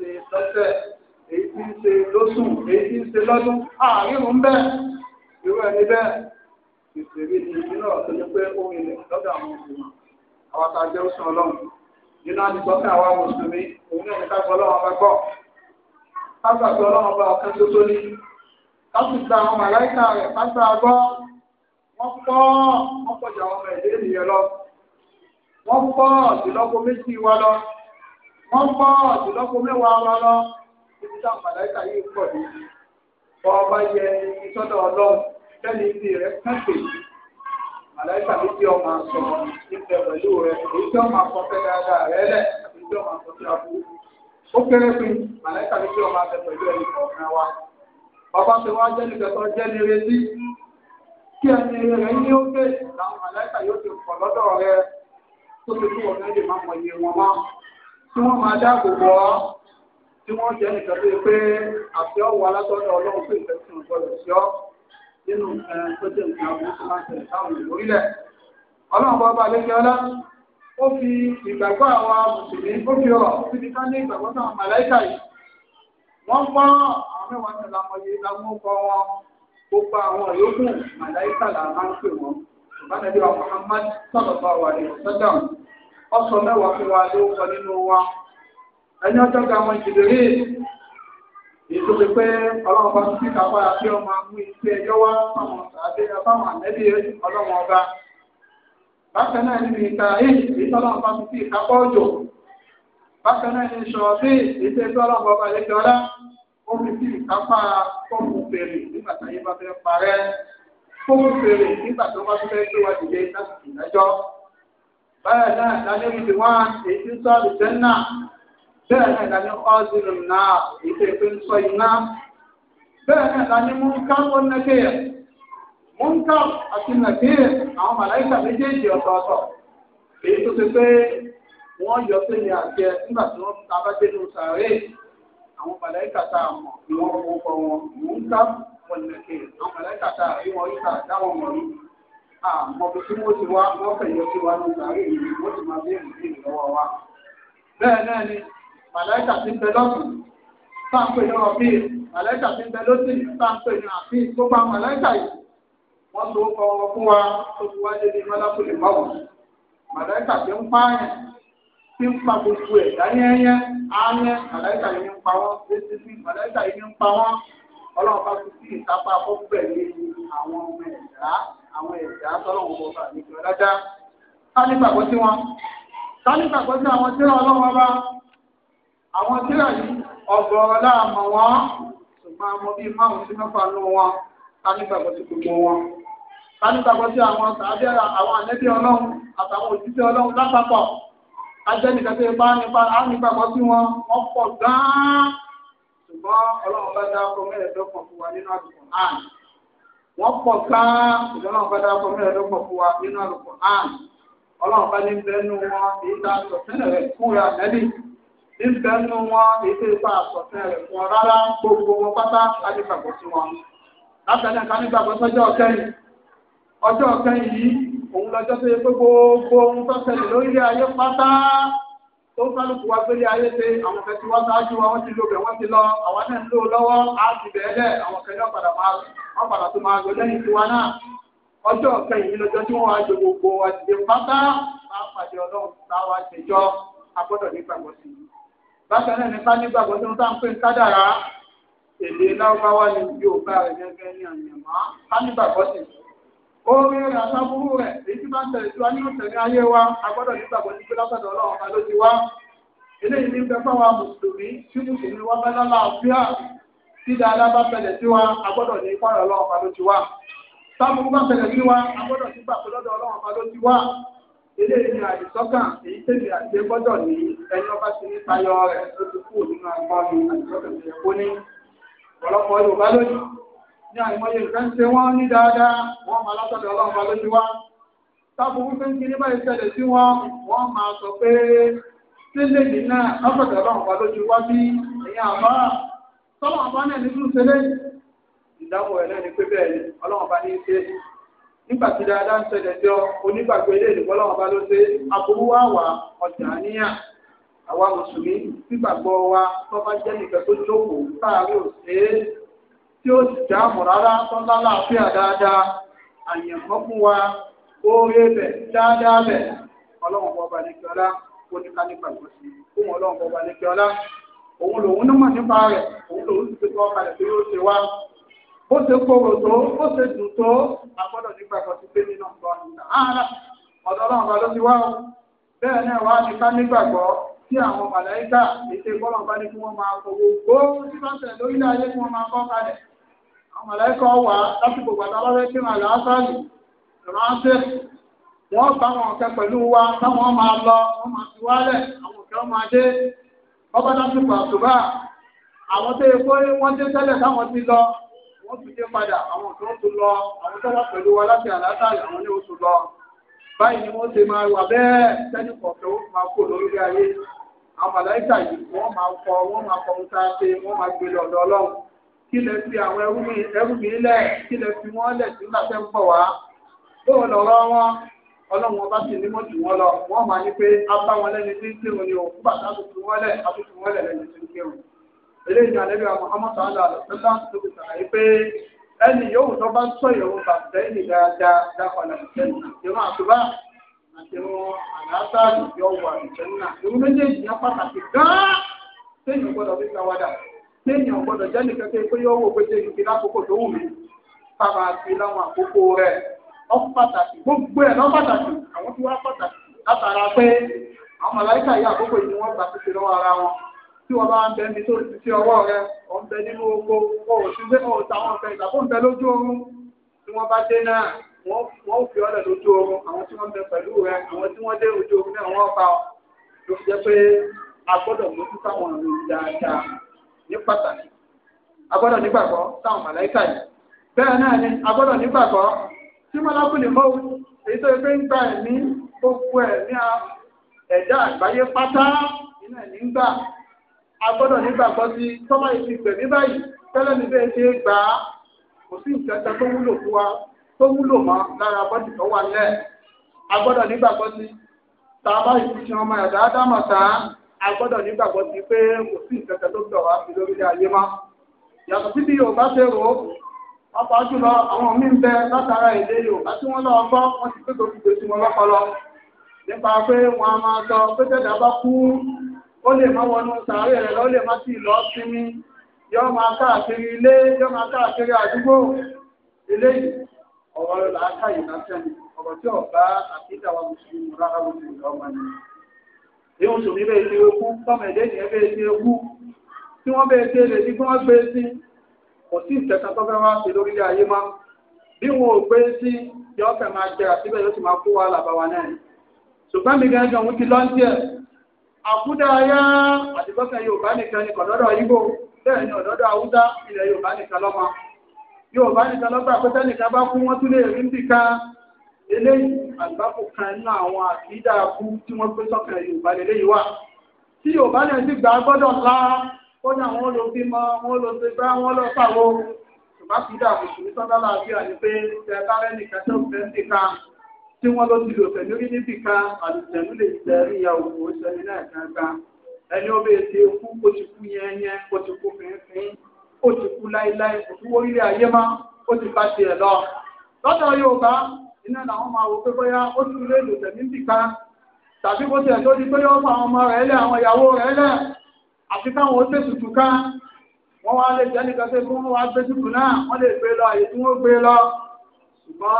ṣe lọ́sẹ̀ èyí tí ń ṣe lóṣù èyí tí ń ṣe lọ́dún àrírun bẹ́ẹ̀ irú ẹni bẹ́ẹ̀ ìṣèlú ni ìdílé ọ̀sẹ̀ ní pé ó rìn lọ́dọ̀ àwọn òṣèlú àwọn àtàjẹ́ oṣù ọlọ́run nínú àdìsọ́kẹ́ àwa mùsùlùmí òun náà ní ká gbọ́ ọlọ́run bá gbọ́ ká gbàgbọ́ ọlọ́run bá ọ̀kan tó tó ní ká sì gba àwọn màláìka rẹ̀ ká gbọ́ wọ́n pọ̀ wọ́n pọ̀ jù àwọn ẹ̀dẹ́ ènìyàn lọ wọ́n pọ̀ jùlọ́gbọ́ méjì wa lọ wọ́n ń bọ́ mẹ́wàá wọn lọ ibi táwọn màláìka yìí pọ̀ dé bọ́ ọba yẹ ìtọ́nà ọlọ́run tẹ́lẹ̀ ibi rẹ̀ pẹ́pẹ́ màláìka ló bí ọmọ sọ ìfẹ́ pẹ̀lú rẹ̀ èyí tí ọmọ akọ fẹ́ dáadáa rẹ̀ lẹ̀ àti tí ọmọ akọ fẹ́ àbú ó kéré pé màláìka ló bí ọmọ akọ pẹ̀lú ẹni kọ̀ọ̀kan wa bàbá ti wá jẹ́ nìkẹ́tọ́ jẹ́ ní retí kí ẹni rẹ̀ ní ó dé làwọn màláìka yóò ti pọ̀ lọ́dọ̀ rẹ̀ tó ti fún ọ̀rẹ́ lè má mọ̀ iye wọn máa tí wọ́n máa dáàbò bọ́ tí wọ́n jẹ́ nìkan tó yẹ pé àfi ọ̀wọ́ alátọ́jọ́ ọlọ́run pé ìfẹ́ sí ọgbọ́dọ̀ sí ọ nínú nǹkan tó jẹ́ nǹkan àbúrò tó máa ń tẹ̀lé táwọn ìlú orílẹ̀. ọlọ́run bá bá lẹ́jọ́ ọlá ó fi ìgbàgbọ́ àwọn mùsùlùmí ó fi ọ̀rọ̀ síbi ká ní ìgbàgbọ́ sáwọn màláìkà yìí wọ́n gbọ́ àwọn mẹ́wàá ní lamọye lámúkọ wọn gbogbo àwọn yòókù màláìkà là máa ń pè wọn ṣùgbọ́n Muhammad sọ̀rọ̀ bá wà ní ọ̀sán ọsọ mẹ́wàá fún wa ló kọ nínú wa ẹni ọjọ́ ga wọn ìdìbèrè ètò ti pé ọlọ́run bá tún ká padà pé ọmọ amú iṣẹ́ ẹjọ́ wá àwọn àbí abáwọn àmẹ́bí ọlọ́run ọba bákan náà níbi ìta èyí èyí tọ́lọ́run bá tún sí ìkápọ̀ òjò bákan náà ní sọ̀rọ̀ sí èyí tẹ́ tọ́lọ́run bá balẹ̀ jọlá ó fi sí ìkápá fọ́ọ̀mù fèrè nígbà táyé bá fẹ́ parẹ́ fọ́ọ̀mù fèrè nígbà tó bá tún fẹ́ gbé wa dìde láti ìdájọ́ bẹ́ẹ̀ náà ìdájọ́ ìdí wá èyí tí ń sọ àdìsẹ́ náà bẹ́ẹ̀ náà ìdájọ́ ọ́sìnù náà èyí tó ìpín sọ iná bẹ́ẹ̀ náà ìdájọ́ múnká ó nẹ́kẹ̀ẹ́ múnká àti nàkẹ́ẹ̀ àwọn màláìkà méjèèjì ọ̀tọ̀ọ̀tọ̀ èyí tó ti pé wọ́n yọ sẹ́yìn àjẹ nígbà tí wọ́n ta bá dénú sàárè àwọn màláìkà tá a mọ̀ ni wọ́n kọ́ wọn múnká ó nẹ́kẹ̀ẹ́ àwọn màláìkà tá a rí wọn yíká dáwọn mọ̀ àmọ́ bí tí wọ́n ti wá wọ́n fẹ̀yọ́ sí wa ní ìgbàrí yìí wọ́n ti máa béèrè sí ìlọ́wọ́ wa. bẹ́ẹ̀ náà ni màláìkà ti ń bẹ lọ́sùn sáǹpẹ̀ ní ọ̀bí màláìkà ti ń bẹ lọ́sìn sáǹpẹ̀ ní àbí tó bá màláìkà yìí wọ́n tó kọ ọ fún wa tó fi wá débi mọ́lákùnrin mọ́wọ́ màláìkà ti ń pààyàn ti ń pa gbogbo ẹ̀ dáyẹ́yẹ́ áyẹ́ màláìkà yìí ń pa wọ́n létí sí màláìkà yìí ń pa wọ́n ọlọ́run àwọn ẹ̀dá tọ́lọ́wọ́n bọ̀ fà ní ìpínlẹ̀ dájá ká ní gbàgbọ́ sí wọn ká ní gbàgbọ́ sí àwọn tíra ọlọ́wọ́n bá àwọn tíra yìí ọ̀gọ̀ọ̀rọ̀ láàmọ̀ wọn ṣùgbọ́n àwọn bíi márùn-ún sí mẹ́fà nù wọn ká ní gbàgbọ́ sí gbogbo wọn ká ní gbàgbọ́ sí àwọn tàbí àwọn ànẹ́bí ọlọ́run àtàwọn òjíṣẹ́ ọlọ́run lápapọ̀ ajẹ́nìkan tó yẹ bá nípa àmìgbàgbọ́ sí wọn wọ́n pọ̀ gan-an ṣùgbọ́n ọlọ́run bá dá ọkọ̀ mẹ́rẹ̀ẹ́dọ́gbọ̀n fún wa nínú àdùkù náà wọ́n pọ̀ káá ìdáná bá dáa fún mi ẹ̀rọ pọ̀ fún wa nínú àlùkò náà ọlọ́run bá ní bẹ́ẹ̀ nu wọn èyí tá a sọ sílẹ̀ rẹ̀ kúra nẹ́bí ní bẹ́ẹ̀ nu wọn èyí tó ipa àsọ̀tẹ̀ rẹ̀ fún ọ rárá gbogbo wọn pátá láti gbàgbọ́ sí wọn látàlẹ́ ká ní gbàgbọ́ sọ́jọ́ ọ̀kẹ́yìn ọjọ́ ọ̀kẹ́yìn yìí òun lọ́jọ́ tó yẹ pé gbogbo ohun tó ṣẹlẹ̀ lórílẹ̀ ayé pátá tó ń kálukú wa gbélé ayé ṣe àwọn kan tí wọ́n ṣáájú wa wọ́n ti lò bẹ̀ wọ́n ti lọ àwọn náà ń lò lọ́wọ́ á ti bẹ̀ẹ́ lẹ̀ àwọn kan náà padà máa wọ́n padà tó máa lọ lẹ́yìn tiwa náà ọjọ́ kẹyìn lọ́jọ́ tí wọ́n wá jọ gbogbo wa dìde pátá bá pàdé ọlọ́run táwa ṣèjọ́ agbọ́dọ̀ nígbàgbọ́ sí i. bákan náà nípa nígbàgbọ́ tí wọ́n tá ń pè kádàrá èdè láwùbáwá ni yóò bá rẹ̀ gẹ́gẹ́ ní àyànmọ́ omi rẹ̀ àtàbúrú rẹ̀ èyí tí máa ń tẹ̀lé tí wá nínú tẹ̀lé ayé wa agbọ́dọ̀ nígbà bó ti gbé látọ̀dọ̀ ọlọ́run ọba ló ti wá eléyìí ní fẹ́ fáwa mùsùlùmí tí mùsùlùmí wá bẹ́lá láàfíà tí dáadáa wa agbọ́dọ̀ ní ọlọ́run ọba ló ti wá wa agbọ́dọ̀ lọ́dọ̀ ọlọ́run ọba ló ti wá eléyìí èyí àti ní àìmọye ìfẹ́ ń ṣe wọ́n ní dáadáa wọ́n máa látọ̀dọ̀ ọlọ́run bá lójú wa tábùkù tó ń kiri bá ìṣẹ̀lẹ̀ sí wọn wọ́n máa sọ pé sílẹ̀ yìí náà látọ̀dọ̀ ọlọ́run bá lójú wa bí ẹ̀yin àbá tọ́lọ̀ àbá náà nínú ìṣẹ̀lẹ̀ ìdáhùn ẹ̀ náà ni pé bẹ́ẹ̀ ni ọlọ́run bá ní í ṣe nígbà tí dáadáa ń ṣẹlẹ̀ onígbàgbé ilé ìdìbò bá ló ṣe aburú wà wà ọjà níyàn mùsùlùmí gbígbàgbọ́ wa tó jẹ́ nìkan tó jókòó káàárọ̀ ṣe é tí ó sì dáàmú rárá tọ́lá láàfíà dáadáa àyẹ̀mọ́ fún wa oore bẹ̀ dáadáa bẹ̀ ọlọ́run bọ́ba lẹ́kẹ́ọ́lá ó ní ká nípa ìwọ sí fún ọlọ́run bọ́ba lẹ́kẹ́ọ́lá òun lòun nímọ̀ nípa rẹ̀ òun lòun ti kọ́ kalẹ̀ pé yóò ṣe wá ó ṣe kóró tó ó ṣe dùn tó agbọ́dọ̀ nípa ìwọ sí pé nínú nǹkan ọ̀nà ààrà ọ̀dọ̀ ọlọ́run bá ló ti wá bẹ́ẹ̀ náà wá ní ká nígbàgbọ́ tí àwọn màláíkà ètè kọ́lọ̀ ní kí wọ́n máa kọ gbogbo tí lórílẹ̀ ayé kí wọ́n máa kọ́ kalẹ̀ àwọn mọ̀lẹ́kọ̀ wà lásìkò gbàdá lọ́wọ́ tí wọn làásàlì ránṣẹ́ wọ́n bá wọn kẹ pẹ̀lú wa táwọn máa lọ wọ́n máa fi wálẹ̀ àwọn kẹ́ máa dé bọ́bá lásìkò àtùbà àwọn tó yẹ kó wọ́n dé tẹ́lẹ̀ táwọn ti lọ wọ́n tún dé padà àwọn tó ń tún lọ àwọn tó wà pẹ̀lú wa láti àlásàlì àwọn ní oṣù lọ báyìí ni wọ́n ṣe máa wà bẹ́ẹ̀ sẹ́ni kọ̀ọ̀kẹ́ ó máa kó lórí ayé àwọn màláìkà yìí wọ́n máa kọ wọ́n máa kọ ohun tá a ṣe wọ́n máa gbé lọ́dọ̀ ọlọ́run kí lẹ fi àwọn ẹrúmi lẹ̀ kí lẹ fi wọ́n lẹ̀ sí nígbà tẹ́ ń bọ̀ wá bóun lọ̀rọ̀ wọn ọlọ́run ọba sì ní mọ́ jù wọ́n lọ wọ́n máa ní pé a bá wọn lẹ́ni tí ń kírun ni òun bàtà tó fi wọ́n lẹ̀ a tó fi wọ́n lẹ̀ lẹ́ni tí ń kírun eléyìí ni àlẹ́bí àwọn amọ́ta àlọ́ àlọ́sẹ́lá tó fi sàlàyé pé ẹni yòówù tó bá sọ ìyẹ̀wò bàtẹ́ ìlì dáadáa dákọ̀ọ́lá ìṣẹ́yìn ìṣẹ́yìn àtúbà àti wọn àlàáfáà ìjọ wà ìṣẹ́yìn náà ìwé méjèèjì yẹn pàtàkì gan-an téèyàn gbọ́dọ̀ jẹ́ nìkan tó pé yọ wò pé ṣe ìfi lákòókò tó wù mí sábà fi láwọn àkókò rẹ̀ lọ́ pàtàkì gbogbo ẹ̀ lọ́ pàtàkì àwọn tí wọ́n pàtàkì látara pé àwọn màláìkà yìí àkókò yìí wọ́n gbà títí lọ́wọ́ ara wọn tí wọ́n bá ń bẹ ní tó ti ti ọwọ́ rẹ ò ń bẹ nínú oko o ò sí pé o ò tàwọn ọ̀fẹ́ ìtàkó ń bẹ lójú oorun tí wọ́n bá dé náà wọ́n ò fi ọ̀lẹ̀ lójú oorun àwọn tí wọ́n bẹ pẹ̀lú rẹ àwọn tí wọ́n dé ojú oorun náà wọ́n bá ọ ló fi jẹ́ pé a gbọ́dọ̀ mójútó àwọn ọ̀run dáadáa ní pàtàkì a gbọ́dọ̀ nígbàgbọ́ táwọn màláìkà yìí bẹ́ẹ̀ náà ni a gbọ́dọ̀ nígbàgbọ́ tí mọ́lákùnì mọ́wù èyí tó fẹ́ ń gba ẹ̀mí gbogbo ẹ̀mí ẹ̀dá àgbáyé pátá nínú ẹ̀mí ń gbà a gbọ́dọ̀ nígbàgbọ́ sí tọ́lá ìfi gbẹ̀mí báyìí tẹ́lẹ̀ ní bẹ́ẹ̀ ṣe é gbà á kò sí ìkẹta tó wúlò fún wa tó wúlò mọ́ lára bọ́dì tó wà lẹ́ẹ̀ a gbọ́dọ̀ sí tàbá ìfúnṣe ọmọ ẹ̀dá ádámọ̀ tàá a gbọ́dọ̀ nígbàgbọ́ sí pé kò sí ìkẹ́kẹ́ tó gbọ́dọ̀ wá sí lórílẹ̀ ayé má. yàtọ̀ sí bí yorùbá ṣe rò ó ọ̀pọ̀ jùlọ àwọn míín bẹ látara èdè yorùbá tí wọ́n lọ́ọ́ gbọ́ wọ́n ti pé tó dìde sí wọn lọ́pọlọ nípa pé wọ́n a máa sọ pé tẹ̀dá bá kú ó lè má wọnú sàárè rẹ̀ lọ́ lè má sì lọ sinmi yọ máa káàkiri ilé yọ máa káàkiri àdúgbò eléyìí ọ̀rọ̀ làákàyè lásán ọ̀rọ̀ tí ọ̀bá àti ìdáwà mùsùlùmí rárá mùsùlùmí ọmọ nìyẹn yóò sùn ní bẹ́ẹ̀ tí ó kú tọ́mọ ẹ̀dẹ́ ìyẹn bẹ́ẹ̀ tí ó kú tí wọ́n bẹ́ẹ̀ tí lè ní kí wọ́n gbé sí kò sí ìtẹ̀ka tó fẹ́ wá sí lórílẹ̀ ayé má bí wọn ò gbé sí yọ fẹ́ máa jẹ àtibẹ̀ yóò sì máa kó wa làbá ayá àtìgbọ́sẹ̀ Yorùbá nìkan ni kọ̀dọ́dọ̀ Ìgbò bẹ́ẹ̀ ni ọ̀dọ́dọ̀ Haúsá ilẹ̀ Yorùbá nìkan lọ́mọ Yorùbá nìkan lọ́gbà pé tẹ́nìkan bá kú wọ́n tún lè rí nìkan eléyìí àgbákò kan nínú àwọn àkídà abú tí wọ́n pé sọ́kàn yorùbá lélẹ́yìí wà tí yorùbá náà sì gbà gbọ́dọ̀ ńlá kódà wọ́n lọ bímọ wọ́n lọ ṣe bá wọ́n lọ fàwọ́ yorùbá àkídà mùsùlùmí sọ́dọ̀ láàbíà ni pé ṣe bárẹ́ nìkan tó fẹ́ nìkan tí wọ́n lọ ti lò pẹ̀lú rí níbì kan àlùjẹ̀nu lè jẹ́ ìyàwó ìṣẹ̀lẹ̀ náà kankan ẹni ọbẹ̀ ètò ikú ó ti kú yẹnyẹn ó ti kú fínfín ó ti kú láíláí kò tún wọ́n rí ayé má ó ti bá tiẹ̀ lọ lọ́dọ̀ yorùbá iná làwọn máa wò pé bóyá ó tún lè lò tẹ̀mí nìkan tàbí bó tiẹ̀ tó di pé yóò fa àwọn ọmọ rẹ̀ lẹ̀ àwọn ìyàwó rẹ̀ lẹ̀ àti táwọn ó tètùtù ká wọ́n wá lè jẹ́ nìkan pé kí wọ́n wá gbé tútù náà wọ́n lè gbé lọ àyè tí wọ́n gbé lọ ṣùgbọ́n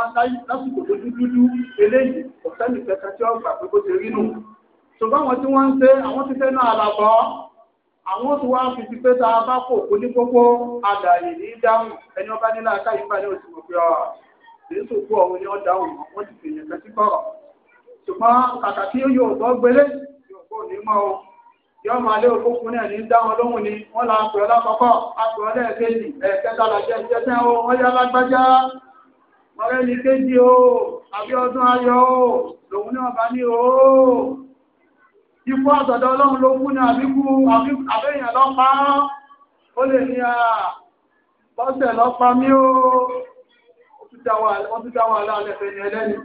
lásìkò tó dúdú eléyìí kò sẹ́ni kẹta tí ó gbà pé kó ti rí nù ṣùgbọ́n àwọn tí wọ́n ń ṣe àwọn ti fẹ́nu àlàbọ̀ àwọn tí wọ́n fi ti pé tá bá kò kó ní kókó àdàyè ní dáhùn ẹni ọba nílà káyìí ní òsì mọ̀ pé ọ̀ èyí tó kú ọ̀hún ni wọ́n dá òun wọ́n ti fèèyàn fẹ́ sí kọ̀rọ̀ ṣùgbọ́n kàkà kí yóò gbọ́ gbélé yóò kó ní mọ́ o máa lé òkúkun náà ní dá lóhùn ni wọ́n la pè ọ́ lákọ̀ọ́kọ́ lẹ́ẹ̀kejì ẹ̀ẹ́kẹta làjẹ́ ìjẹsẹ́ o wọ́n yá lágbájá ọ̀rẹ́ ní kéjì o àbí ọdún ayọ̀ o lòun náà bá ní o ikú àtọ̀dọ̀ ọlọ́run ló kú ní àbíkú àbẹ́yìn lọ́pàá ó lè ní à bọ́sẹ̀ lọ́pàá mí o ti dá wà láàrin ẹ̀fẹ́ ni ẹlẹ́ni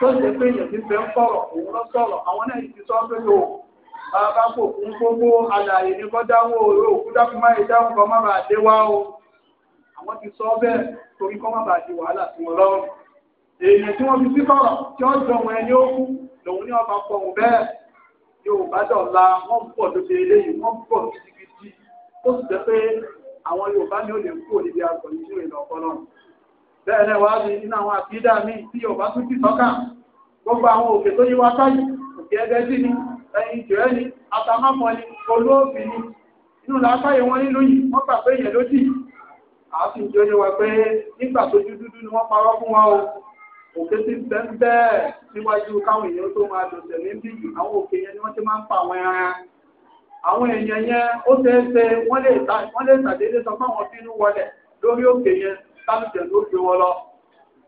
tó ṣe pé èèyàn ti fẹ́ ń sọ̀rọ̀ òun lọ sọ̀rọ̀ àwọn náà ti sọ pé o bàbá kò fún gbogbo àlàyé ní kọ́ dáwọ́ òru òkú dákú má yẹ dáhùn kọ́ má bàa dé wá o àwọn ti sọ bẹ́ẹ̀ torí kọ́ má bàa di wàhálà sí wọn lọ́rùn èèyàn tí wọ́n fi sí sọ̀rọ̀ tí ó jọ wọn ẹni ó kú lòun ní ọba pọ̀ òun bẹ́ẹ̀ yóò bá dọ̀la wọ́n pọ̀ lóde eléyìí wọ́n pọ̀ gidigidi ó sì jẹ́ pé àwọn Yorùbá ni ó lè kú òdìdí agbọ̀n ìṣúrè lọ́kọ́ náà. bẹ́ẹ̀rẹ̀ náà wá rí nínú àwọn àfídà mi tí Yorùbá tún ti sọ́kà gbogbo àwọn òkè tó yí wá sáyé òkè ẹgbẹ́ sí ni ẹyin tìrẹ́ ni atamọ́mọ́ ni olóòfin ni inú làákàyè wọn nílùú yìí wọ́n gbà pé èèyàn lójì àti ìjọyẹ wa pé nígbà tó o òkè ti bẹ́ ń níwájú káwọn èèyàn tó máa bí àwọn òkè yẹn ni wọ́n ti máa ń pa àwọn ẹran àwọn èèyàn yẹn sáàlùjẹ̀ ló gbé wọn lọ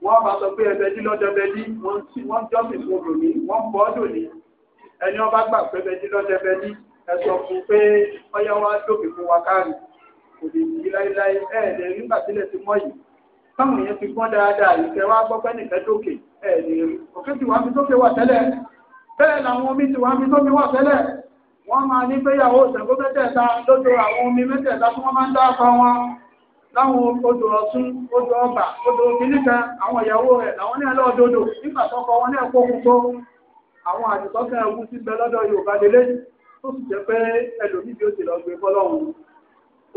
wọ́n bá sọ pé ẹbẹdí lọ́dẹbẹdí wọ́n tí wọ́n jọ́sìn fún òdòní wọ́n bọ́ òdòní ẹni ọba gbà pé ẹbẹdí lọ́dẹbẹdí ẹ sọ fún pé ọyá wa dókè fún wa káàrí kò lè yí láéláé ẹ̀ẹ́dẹ̀ nígbà sílẹ̀ ti mọ́ yìí táwọn èèyàn ti gbọ́n dáadáa ìfẹ́ wa gbọ́ pé nìkan dókè ẹ̀ẹ́dẹ̀ rí òkè tí wàá fi dókè wà tẹ́lẹ̀ bẹ́ẹ̀ làwọn omi tí wàá fi dókè wà tẹ́lẹ̀ wọ́n máa ní pé ìyàwó ìṣẹ̀gbọ́ mẹ́tẹ̀ẹ̀ta lójó àwọn omi mẹ́tẹ̀ẹ̀ta tí wọ́n máa ń dá láwọn odò ọ̀tún odò ọba odò kìnnìkan àwọn ìyàwó rẹ̀ làwọn ní ẹlọ́ òdodo nígbà tọkọ wọn ní ẹ̀kọ́ ogun tó àwọn àdìsọ́kẹ́ ẹ̀kú ti bẹ lọ́dọ̀ Yorùbá lélẹ́ tó sì jẹ́ pé ẹlòmíì bí ó ti lọ gbé fọlọ́run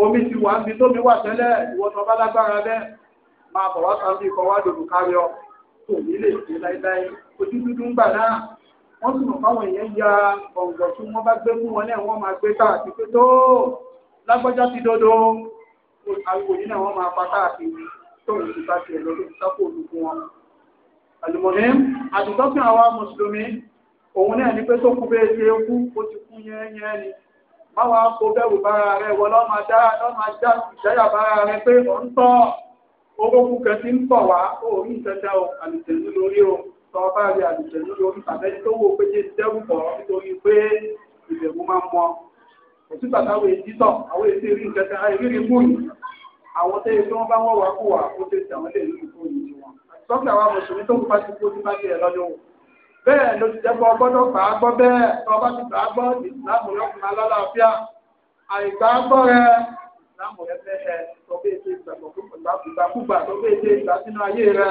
omi ti wà níbi tómi wà tẹ́lẹ̀ ìwọ tó bá lágbára bẹ́ẹ̀ máa bọ̀ wá sáńbí kọ wá dòdò kárí ọ kò ní lè ṣe láíláí ojú dúdú ń gbà náà wọ́n sì mọ̀ fáwọn èèyàn ya ọ̀ǹgọ̀ tí wọ́n bá gbé fún wọn náà wọ́n máa gbé káàkiri pé tó lágbọ́já ti dodo ariwo yìí náà wọ́n máa pa káàkiri tóun ti bá tiẹ̀ lọ́dún sápò olùkún wọn. àlùmọ̀ní àdìsọ́kùn àwa mùsùlùmí òun náà ní pé tó kú bẹ́ẹ̀ ṣe é kú ó ti kú yẹ́nyẹ́ ni báwa kó bẹ̀rù bára rẹ̀ wọ lọ́mà dá ìjáyà bára rẹ̀ pé ọ̀ ń tọ́ orókù kẹtí ń tọ̀ wá orí ìtẹ́tẹ́ o àlùjẹ̀lú lórí o tọ́ bá rí àlùjẹ̀lú lórí tàbẹ́ni tó wò pé jẹ́ dẹ́rù pọ̀ nítorí pé ìbẹ̀rù máa ń mọ òtún tàtàwé ìdítọ̀ àwọn èsì rí ìtẹ́tẹ́ àìrírí mú yìí àwọn tẹ́lẹ̀ tí wọ́n bá wọ́n wá kó wà ó tẹ̀sí àwọn ilé ìlú ìkó yìí wọn. sọ́kì àwọn mùsùlùmí tó kópa sí kó nípa tiẹ̀ lọ́dún wò. bẹ́ẹ̀ ló ti dẹ́gbọ́ gbọ́dọ̀ gbà á gbọ́ bẹ́ẹ̀ tó o bá ti gbà á gbọ́ ìsìlámù rẹ kùnà lálàáfíà àìgbà á gbọ́ rẹ ìsìlámù rẹ fẹ́ ẹ tó bẹ́ẹ̀ ṣe ìgbàgbọ́kúgbà tó bẹ́ẹ̀ ṣe ìgbà sínú ayé rẹ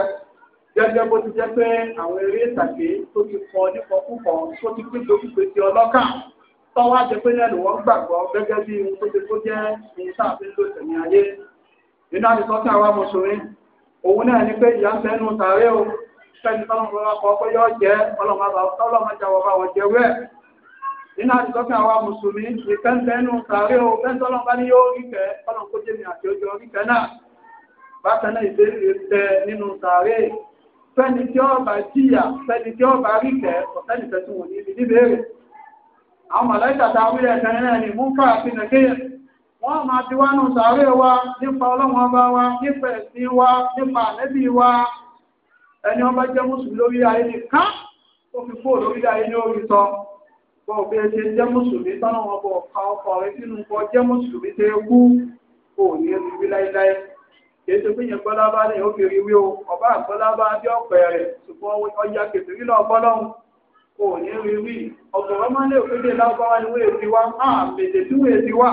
gẹ́gẹ́ bó ti jẹ́ pé àwọn eré ìtàgé tó ti kọ nípa púpọ̀ tó ti pín lókùpé ti ọlọ́kà tọ́wọ́ àjẹpẹ́lẹ́ ló wọ́n gbàgbọ́ gẹ́gẹ́ bí ohun tó ti nínú àdìsọ́tí àwọn mùsùlùmí òun náà ní pé ìyá ń bẹnu tààrẹ o fẹ́ni tọ́lọ́mọba kọ pé yọ jẹ́ ọlọ́mọjàwọ̀ bá wọ̀ jẹ́ wẹ́ nínú àdìsọ́tí àwọn mùsùlùmí ìfẹ́ ń bẹnu tààrẹ o fẹ́ni tọ́lọ́mọba ní yóò rí kẹ́ ọlọ́mọ kó jẹ́mi àti ojú orí kẹ́ náà bákan náà ìbéèrè tẹ nínú tààrẹ fẹ́ni tí ó bá jìyà fẹ́ni tí ó bá rí kẹ́ ọ̀sẹ́ni tẹ̀sùn wò ní ibi níbèrè àwọn màláìkà wọ́n máa bi wá nù sàárè wa nípa ọlọ́run ọba wa nípa ẹ̀sìn wa nípa àlẹ́bí wa ẹni ọba jẹ́ mùsùlùmí lórí ayé nìkan ó fi kúrò lórí ayé ní orí sọ bọ́ òfin ẹ ṣe jẹ́ mùsùlùmí tọ́nà wọn bọ̀ ọ̀ka ọkọ̀ rẹ sínú kọ jẹ́ mùsùlùmí tẹ́ kú kò ní ẹni wí láéláé kìí ṣe fún gbọ́lábá ni ó fi rí wí o ọba àgbọ́lábá bí ọ̀pẹ rẹ̀ ṣùgbọ́n ọjà kẹfìrí náà bọ́lọ́hùn kò ní rí ọ̀gbọ̀n ọmọ náà ò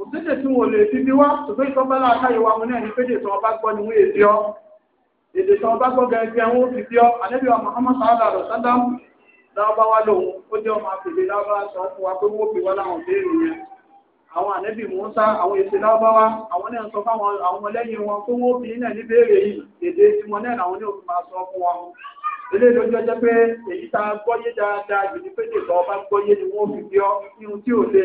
kò sédè tí wọn ò lè fi bí wá ṣùgbọ́n ìtọ́gbà láàkáyé wa mo náà ní pédè tí wọn bá gbọ́ ni wọ́n yé bí ọ́ èdè tí wọn bá gbọ́ gẹ́gẹ́ wọn ò fi bí ọ́ àlẹ́bí wa Muhammad sàádà rẹ̀ sádà lábá wa lòun ó jẹ́ ọmọ àpèlè lábá sọ fún wa pé wọ́n fi wá láwọn béèrè yẹn àwọn àlẹ́bí Mùsá àwọn èsì lábá wa àwọn náà sọ fáwọn àwọn lẹ́yìn wọn pé wọ́n fi náà ní béèrè yìí èdè tiwọn náà làwọn ní òfin máa sọ fún wa eléyìí lójú ọjọ́ pé èyí tá a gbọ́yé dáadáa yìí ni pédè tí wọn bá gbọ́yé ni wọ́n fi bí ọ́ ihun tí ò le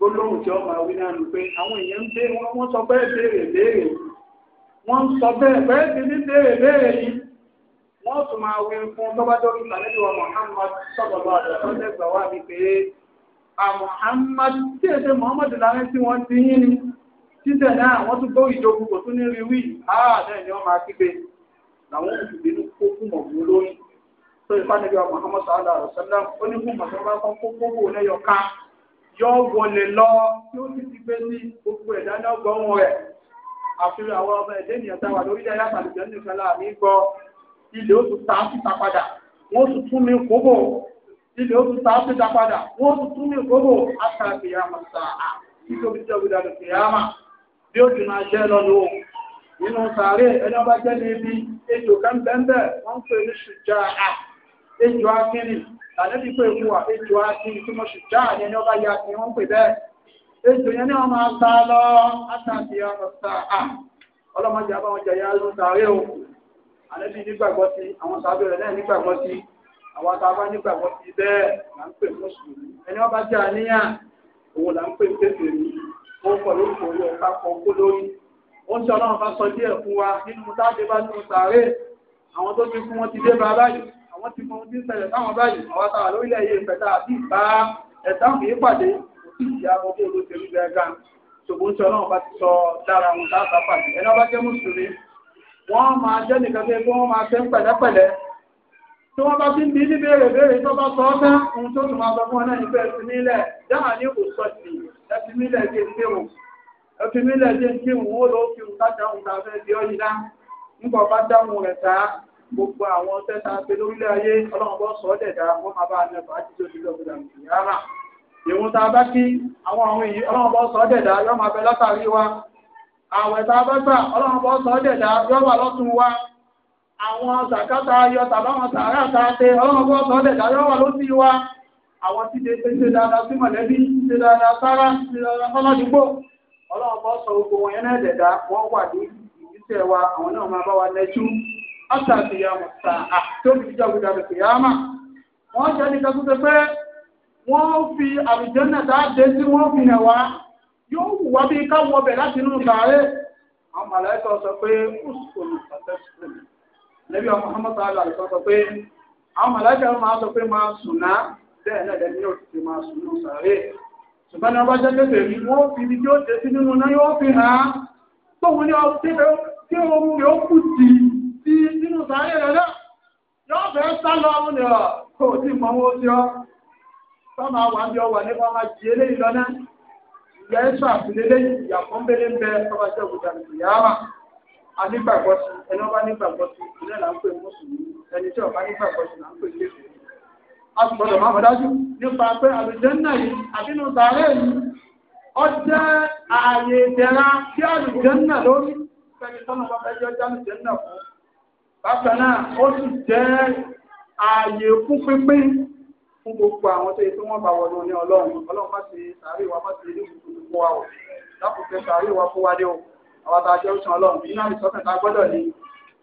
gbólóhùn tí ó máa wí náà ni pé àwọn èèyàn sọ bẹ́ẹ̀ béèrè béèrè wọ́n sọ bẹ́ẹ̀ bẹ́ẹ̀ ti ní béèrè béèrè yìí wọ́n tún máa wí fún tọ́bátọ́rù tàlẹ́bí wa Muhammad sọ̀rọ̀ a tí èdè Muhammad tí wọ́n ti yín ni títẹ̀ náà wọ́n tún ìjọba kò tún ní rí wí wọ́n máa yọ wọlé lọ tí ó sì ti gbé ní gbogbo ẹ̀dá náà gbọ́n rẹ̀ àfihàn àwọn ọmọ ẹ̀dẹ́ ènìyàn táwa lórí ilẹ̀ ayáfàlùjẹ́ nìkan láàmì gbọ́ ilẹ̀ ó tún ta síta padà wọ́n tún tún mi kóbò ilẹ̀ ó tún ta síta padà wọ́n tún tún mi kóbò àtàkì yàmà sàá nítorí tí ọ̀gbìn dàdùn kìyàmà bí ó dùn àjẹ́ lọ́nu o nínú sàárè ẹni ọba jẹ́ ní ibi ejò kan bẹ́ẹ̀ bẹ́ẹ̀ wọ́n ń pè ní ṣùjà ejò akínrin tàbí pé ewu àfẹ́jọ á sí ìtumọ̀ ṣùgbọ́n àyẹ̀ ni ọba ya ni wọ́n pè bẹ́ẹ̀ ètò yẹn ni wọ́n máa ta lọ látàbí ọ̀rọ̀ sa à ọlọ́mọdé àbáwọn jẹ̀yà ló sáré o àlẹ́bí nígbàgbọ́ sí àwọn sábẹ́ rẹ̀ náà nígbàgbọ́ sí àwọn àtàwọn nígbàgbọ́ sí bẹ́ẹ̀ là ń pè mùsùlùmí ẹni ọba jẹ́ àníyàn òun là ń pè tètè mi ó kọ̀ ló kọ̀ yọ ọ̀pá kan kó lórí ó ń sọ ọlọ́run bá sọ díẹ̀ fún wa nínú táàbí bá nínú sàárè àwọn tó ti fún wọn ti dé bá báyìí àwọn tí mo ní ṣẹlẹ̀ táwọn báyìí àwọn táwọn lórílẹ̀ yìí pẹ̀lú àti ìbá ẹ̀sán kì í pàdé kò sí ìyá ọgbọ́n olóṣèlú gẹ́gà ṣùgbọ́n tí ọlọ́run bá ti sọ lára wọn láàbá pàdé ẹni ọba jẹ́ mùsùlùmí wọ́n máa jẹ́ nìkan tó yẹ kí wọ́n máa fẹ́ pẹ̀lẹ́pẹ̀lẹ́ tí wọ́n bá fi ń bí ní béèrè béèrè tó bá sọ ọ́ tán ohun tó tún máa sọ fún ọ náà ní pé ẹtì nílẹ̀ dáhà ní kò sọ sí ẹtì nílẹ̀ jẹ́ ń kéwòn ẹtì nílẹ̀ jẹ́ ń kéwòn ó lọ́ọ́ fi òun tájà òun tàfẹ́ di ọ́ gbogbo àwọn tẹ́ta pé lórílẹ̀ ayé ọlọ́run bọ́ sọ ọ́ dẹ̀dá wọ́n máa bá a nẹ̀fà á ti tó ti lọ́gbọ̀dà ìwọ̀n a bá kí àwọn àwọn èyí ọlọ́run bọ́ sọ bẹ látàrí wa àwẹ̀ a bá gbà ọlọ́run bọ́ wa àwọn sàkátà ayọ̀ tàbáwọn sàárà ta a ṣe ọlọ́run bọ́ sọ dẹ̀dá yọ́ wà wa àwọn tí ṣe dáadáa sí mọ̀lẹ́bí ṣe dáadáa sára ṣe dáadáa ọlọ́run bọ́ sọ gbogbo ọ̀sà àtìyàmù sàá tó fi jíjà gbọdọ̀ àtìyàmù. wọ́n jẹ́ ní kakúté pé wọ́n fi àlùjànnà tá a dé tí wọ́n fi hàn wá yóò wù wá bí ká wọ bẹ̀ láti inú sàárè. àwọn màláìkà sọ pé kùsùkùn pàtẹ́sùn lẹ́bí ọmọ hamasa aláàlú sọ pé àwọn màláìkà máa sọ pé máa sùn náà bẹ́ẹ̀ náà lẹ́ni yóò ti máa sùn nínú sàárè ṣùgbọ́n ní ọba jẹ́ pépè rí wọ́n fi ibi tí ó jẹ́ sí nínú náà yóò fi hàn án tóun ní ọtí tí oorun rẹ̀ ó kù tì sáré rẹ̀ yóò fẹ́ sá lọ àwọn ni ọ̀ kò tí mọ owó tí ọ sọ́mà wà ń ọwà nípa ọmọ jì eléyìí lọ́nà ìyá ẹ̀ṣọ́ àfilélé ìyá pọ́nbélé ń bẹ ọba jẹ́ òkúta nìkú yàrá anígbàgbọ́ sí ẹni ọba nígbàgbọ́ sí ìpínlẹ̀ là ń pè mùsùlùmí ẹni tí ọba nígbàgbọ́ sí là ń pè lẹ́kọ̀ọ́ ó jẹ́ ààyè ìdẹ̀ra tí àlùjẹ́nà lórí fẹ́ni tọ́nà bá fẹ́ jẹ́ àlùjẹ́nà fún bákan náà ó sì jẹ́ ààyè fún pínpín fún gbogbo àwọn tó yẹ kí wọ́n bá wọlé ní ọlọ́run ọlọ́run má ti sàárè wa má ti rí ìlú kó wa o lákòókè sàárè wa kó wa dé o àwọn tá a jẹ́ òṣùn ọlọ́run nínú àmì sọ́kàn tá a gbọ́dọ̀ ní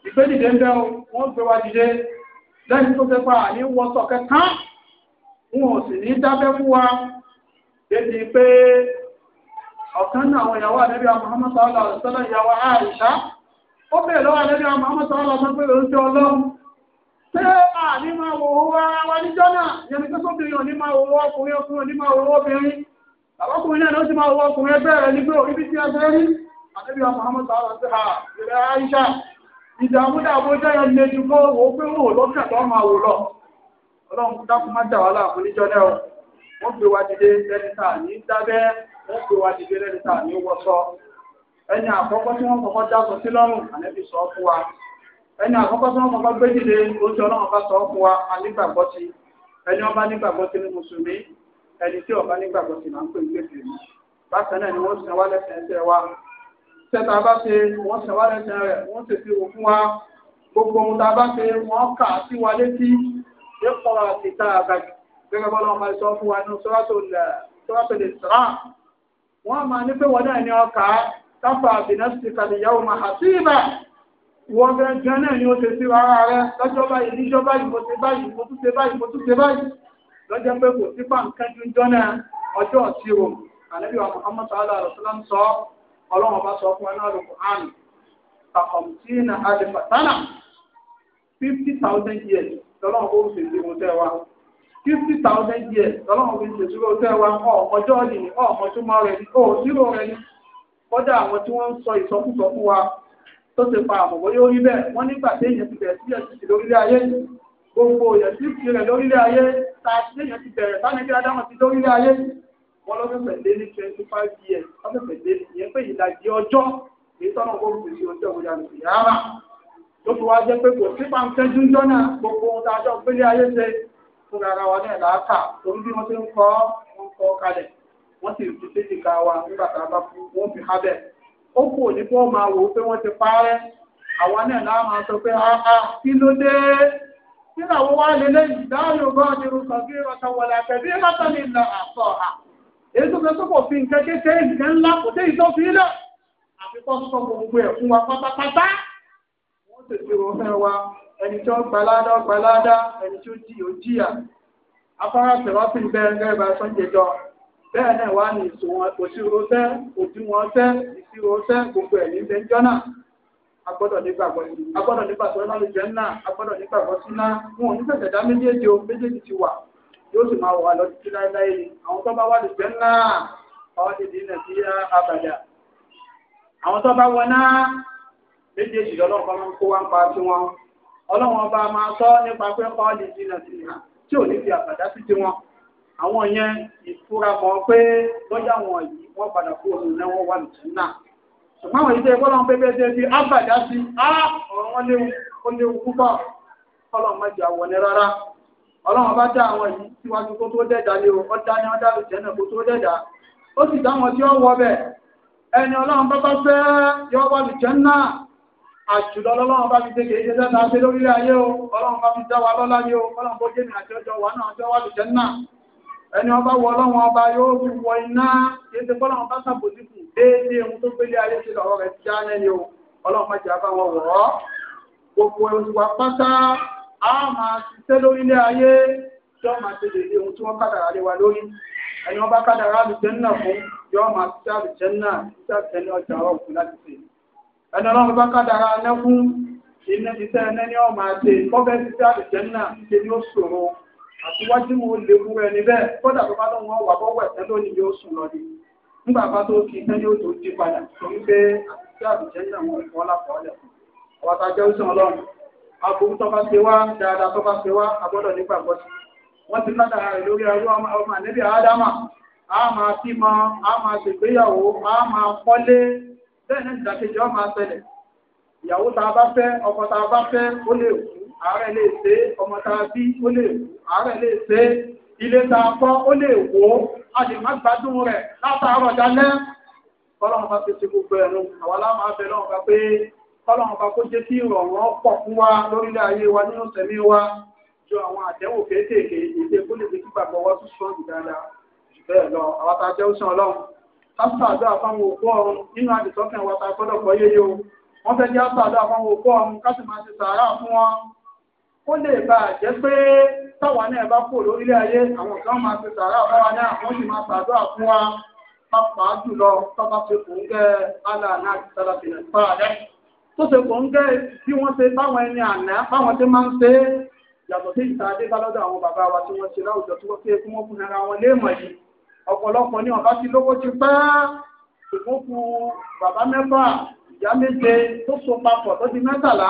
ìgbé dìde ń bẹ́ o wọ́n gbé wa dìde lẹ́yìn tó fẹ́ pa àní wọ́sọ̀ kẹtàn wọn ò sì ní dábẹ́ fún wa débi pé ọ̀kan náà àwọn ìyàwó àdébíyà ó bèèrè lọ́wọ́ àlẹ́bí àwọn ọmọ sọ́ọ́ lọ́mọ pé ló ń jọ ọlọ́run ṣé àní máa wò ó ara wa níjọ́ náà yẹn ni pẹ́sọ́ obìnrin òní máa wò ó ọkùnrin ọkùnrin òní máa wò ó obìnrin àbákùnrin náà ló ti máa wò ó ọkùnrin ẹgbẹ́ rẹ̀ ní pé òní bí ti ẹsẹ̀ rí àlẹ́bí àwọn ọmọ sọ́ọ́ lọ́sẹ̀ ha ìrẹ́ Aisha ìdààmú dààmú jẹ́ yẹn lè ju kó wò ó pé wò ó lọ́kàn tó máa wò lọ ọlọ́run dákun ẹni àkọ́kọ́ tí wọ́n kọ́kọ́ dákọ sí lọ́rùn ànẹ́bí sọ fún wa ẹni àkọ́kọ́ tí wọ́n kọ́kọ́ gbé dìde oṣù ọlọ́run bá sọ fún wa anígbàgbọ́ sí ẹni ọba nígbàgbọ́ sí ní mùsùlùmí ẹni tí ọba nígbàgbọ́ sí máa ń pè ń pèsè mi bákan náà ni wọ́n sàn wá lẹ́sẹ̀ ẹsẹ̀ wa sẹ́ta bá ṣe wọ́n sàn wá lẹ́sẹ̀ rẹ̀ wọ́n sì fi wò fún wa gbogbo ohun tá a bá ṣe wọ́n kà sí wa létí yẹ́pọ̀ àti tá a gbàgbé gẹ́gẹ́ bọ́lá wọn máa sọ fún wa ní sọ́wọ́sọ̀ káfà àbínásíkà lè yá òun àti ibà gẹ́gẹ́ náà ni ó ṣe sí ara rẹ lọ́jọ́ báyìí níjọ́ báyìí mo ṣe báyìí mo tún ṣe báyìí mo tún ṣe báyìí lọ́jọ́ pé kò sí pàǹkan ju jọ́ náà ọjọ́ àlẹ́bí wa Muhammad sallallahu alaihi sọ ọlọ́run bá sọ fún fifty thousand years lọ́lọ́run ṣe sí wa fifty kọjá àwọn tí wọ́n ń sọ ìsọkúsọ fún wa tó ti pa àmọ̀bọ́ yóò rí bẹ́ẹ̀ wọ́n nígbà tí èèyàn ti bẹ̀rẹ̀ sí ẹ̀sìn sí lórílẹ̀ ayé gbogbo èèyàn sí rẹ̀ lórílẹ̀ ayé ta sí èèyàn ti bẹ̀rẹ̀ sáni bí adámọ̀ ti lórílẹ̀ ayé wọ́n lọ́sẹ̀sẹ̀ lé ní twenty five years lọ́sẹ̀sẹ̀ lé ìyẹn pé ìdajì ọjọ́ èyí tọ́nà kó sí oúnjẹ òwúrọ̀ àti yàrá tó fi wá jẹ́ pé kò sí pàǹtẹ́jú jọ́nà gbogbo ohun tá a jọ gbélé ayé ṣe fúnra ara wa náà làákà torí bí wọ́n ti ń kọ́ wọ́n kọ́ kalẹ̀ wọ́n sì fi títì ká wa nígbà tá a bá kú wọ́n fi há bẹ́ẹ̀. ó kù òní kí wọ́n máa wò ó pé wọ́n ti parẹ́ àwa náà náà máa sọ pé áá kí ló dé kí làwọn wá lé lẹ́yìn dáhùn bá dirun kan bí ọ̀tá wọlé àtẹ̀bí látà ní ìlà àtọ̀ ha. èyí tó fẹ́ tó kò fi nǹkan kékeré nǹkan ńlá kò dé ìtọ́ fi lẹ̀ àfikọ́ sọ gbogbo ẹ̀ fún wa pátápátá. wọ́n tètè rọ fẹ́ wa ẹni tí ó bẹ́ẹ̀ náà wá ní ìṣòwọ̀n òṣìrò ṣẹ́ òdiwọ̀n ṣẹ́ ìṣirò ṣẹ́ gbogbo ẹ̀ ní ilé ńjọ́ náà agbọ́dọ̀ nígbàgbọ́ agbọ́dọ̀ nígbàgbọ́ lálẹ́ jẹ́ náà agbọ́dọ̀ nígbàgbọ́ sí náà wọn ò ní fẹ̀sẹ̀ dá méjèèjì o méjèèjì ti wà yóò sì máa wà lọ títí láéláé ni àwọn tó bá wà lè jẹ́ náà àwọn ti dín náà sí abàdà àwọn tó bá wọ náà méjèèjì lọ́lọ́run kan máa ń kó wá ń pa sí wọn ọlọ́run ọba àwọn yẹn ìfúra mọ̀ pé lọ́jà wọn yìí wọ́n padà kú òun náà wọ́n wà náà ṣùgbọ́n àwọn pépé ṣe bí ábàdá sí á ọ̀rọ̀ wọn léwu ó léwu púpọ̀ ọlọ́run rárá ọlọ́run bá dá àwọn yìí síwájú kó tó dẹ̀dá lé o ọ̀dá ni náà kó tó dẹ̀dá wa lọ́lá o ọlọ́run bó náà wà ẹni ọba wọ ọlọ́run ọba yóò fi wọ iná yéte bọ́lọ́run bá sàbòsí fún déédéé ohun tó gbélé ayé ṣe lọ́rọ̀ rẹ̀ já lẹ́ni o ọlọ́run má jẹ́ abá wọn wọ̀ ọ́ gbogbo ìwà pátá a máa ṣiṣẹ́ lórí ilé ayé tí wọ́n máa ṣe déédéé ohun tí wọ́n kádàrá lé wa lórí ẹni ọba kádàrá àlùjẹ́nà fún yóò máa ṣiṣẹ́ àlùjẹ́nà ṣiṣẹ́ àlùjẹ́nà ọjà ọ̀gbìn láti ṣe ẹni ọlọ́run bá àtiwájú mo lè wú ẹni bẹ́ẹ̀ kódà tó bá lóun wà bọ́wọ́ ẹ̀sẹ̀ lónìí yóò sùn lọ ni nígbà bá tó kí iṣẹ́ yóò tó di padà torí pé àtúntí àbùjẹ́ ní àwọn ẹ̀kọ́ lápọ̀ọ́lẹ̀ ọ̀tá jẹ́ òṣìṣẹ́ ọlọ́run aburú tó bá ṣe wá dáadáa tó bá ṣe wá agbọ́dọ̀ nígbàgbọ́ sí wọ́n ti ládàá rẹ̀ lórí ẹrú ọmọ ànẹ́bí ádámà a máa bímọ a máa ṣègbéyàwó a máa kọ́lé bẹ́ẹ̀ ní ìdàkejì ọmọ àṣẹlẹ̀ ìyàwó tá bá fẹ́ ọkọ tá bá fẹ́ ó lè kú àárẹ̀ lè ṣe ọmọ tá bí ó lè kú àárẹ̀ lè ṣe ilé tá a kọ́ ó lè wò ó a lè má gbádùn rẹ̀ látàárọ̀ dalẹ́ kọ́lọ́run bá ti ṣe gbogbo ẹ̀rù àwa láwọn máa bẹ lọ́wọ́ bá pé kọ́lọ́run bá kó jẹ́ kí ìrọ̀rùn pọ̀ fún wa lórílẹ̀ ayé wa nínú sẹ̀mí wa ju àwọn àdẹ́wò kéékèèké ìdí kó lè fi kí gbàgbọ́ wa tún sọ́ọ̀dù dáadáa bẹ́ẹ̀ lọ àwa tá a jẹ́ òṣàn ọlọ́run ásà àdó àfáwọn òkú ọrùn nínú àdìsọ́kàn wa ta gbọ́dọ̀ pọ̀ yéye o wọ́n fẹ́ jẹ́ ásà àdó àfáwọn òkú ọrùn ká sì máa ṣe sàárà fún wọn kó lè bá jẹ́ pé táwa náà bá kó lórílẹ̀ ayé àwọn kan máa fi sàrà fáwa náà wọ́n sì máa gbàdúrà fún wa pàápàá jùlọ tọ́ba ṣe kò ń gẹ́ ala náà ti sára sílẹ̀ fáadẹ́ tó ṣe kò ń gẹ́ bí wọ́n ṣe báwọn ẹni àná báwọn ṣe máa ń ṣe é yàtọ̀ sí ìta adé bá lọ́dọ̀ àwọn bàbá wa tí wọ́n ṣe láwùjọ tí wọ́n fi kí fún ara wọn léèmọ̀ yìí ọ̀pọ̀lọpọ̀ ní ọ̀bá ti lówó ti pẹ́ ṣùgbọ́n bàbá mẹ́fà ìyá méje tó so papọ̀ tó di mẹ́tàlá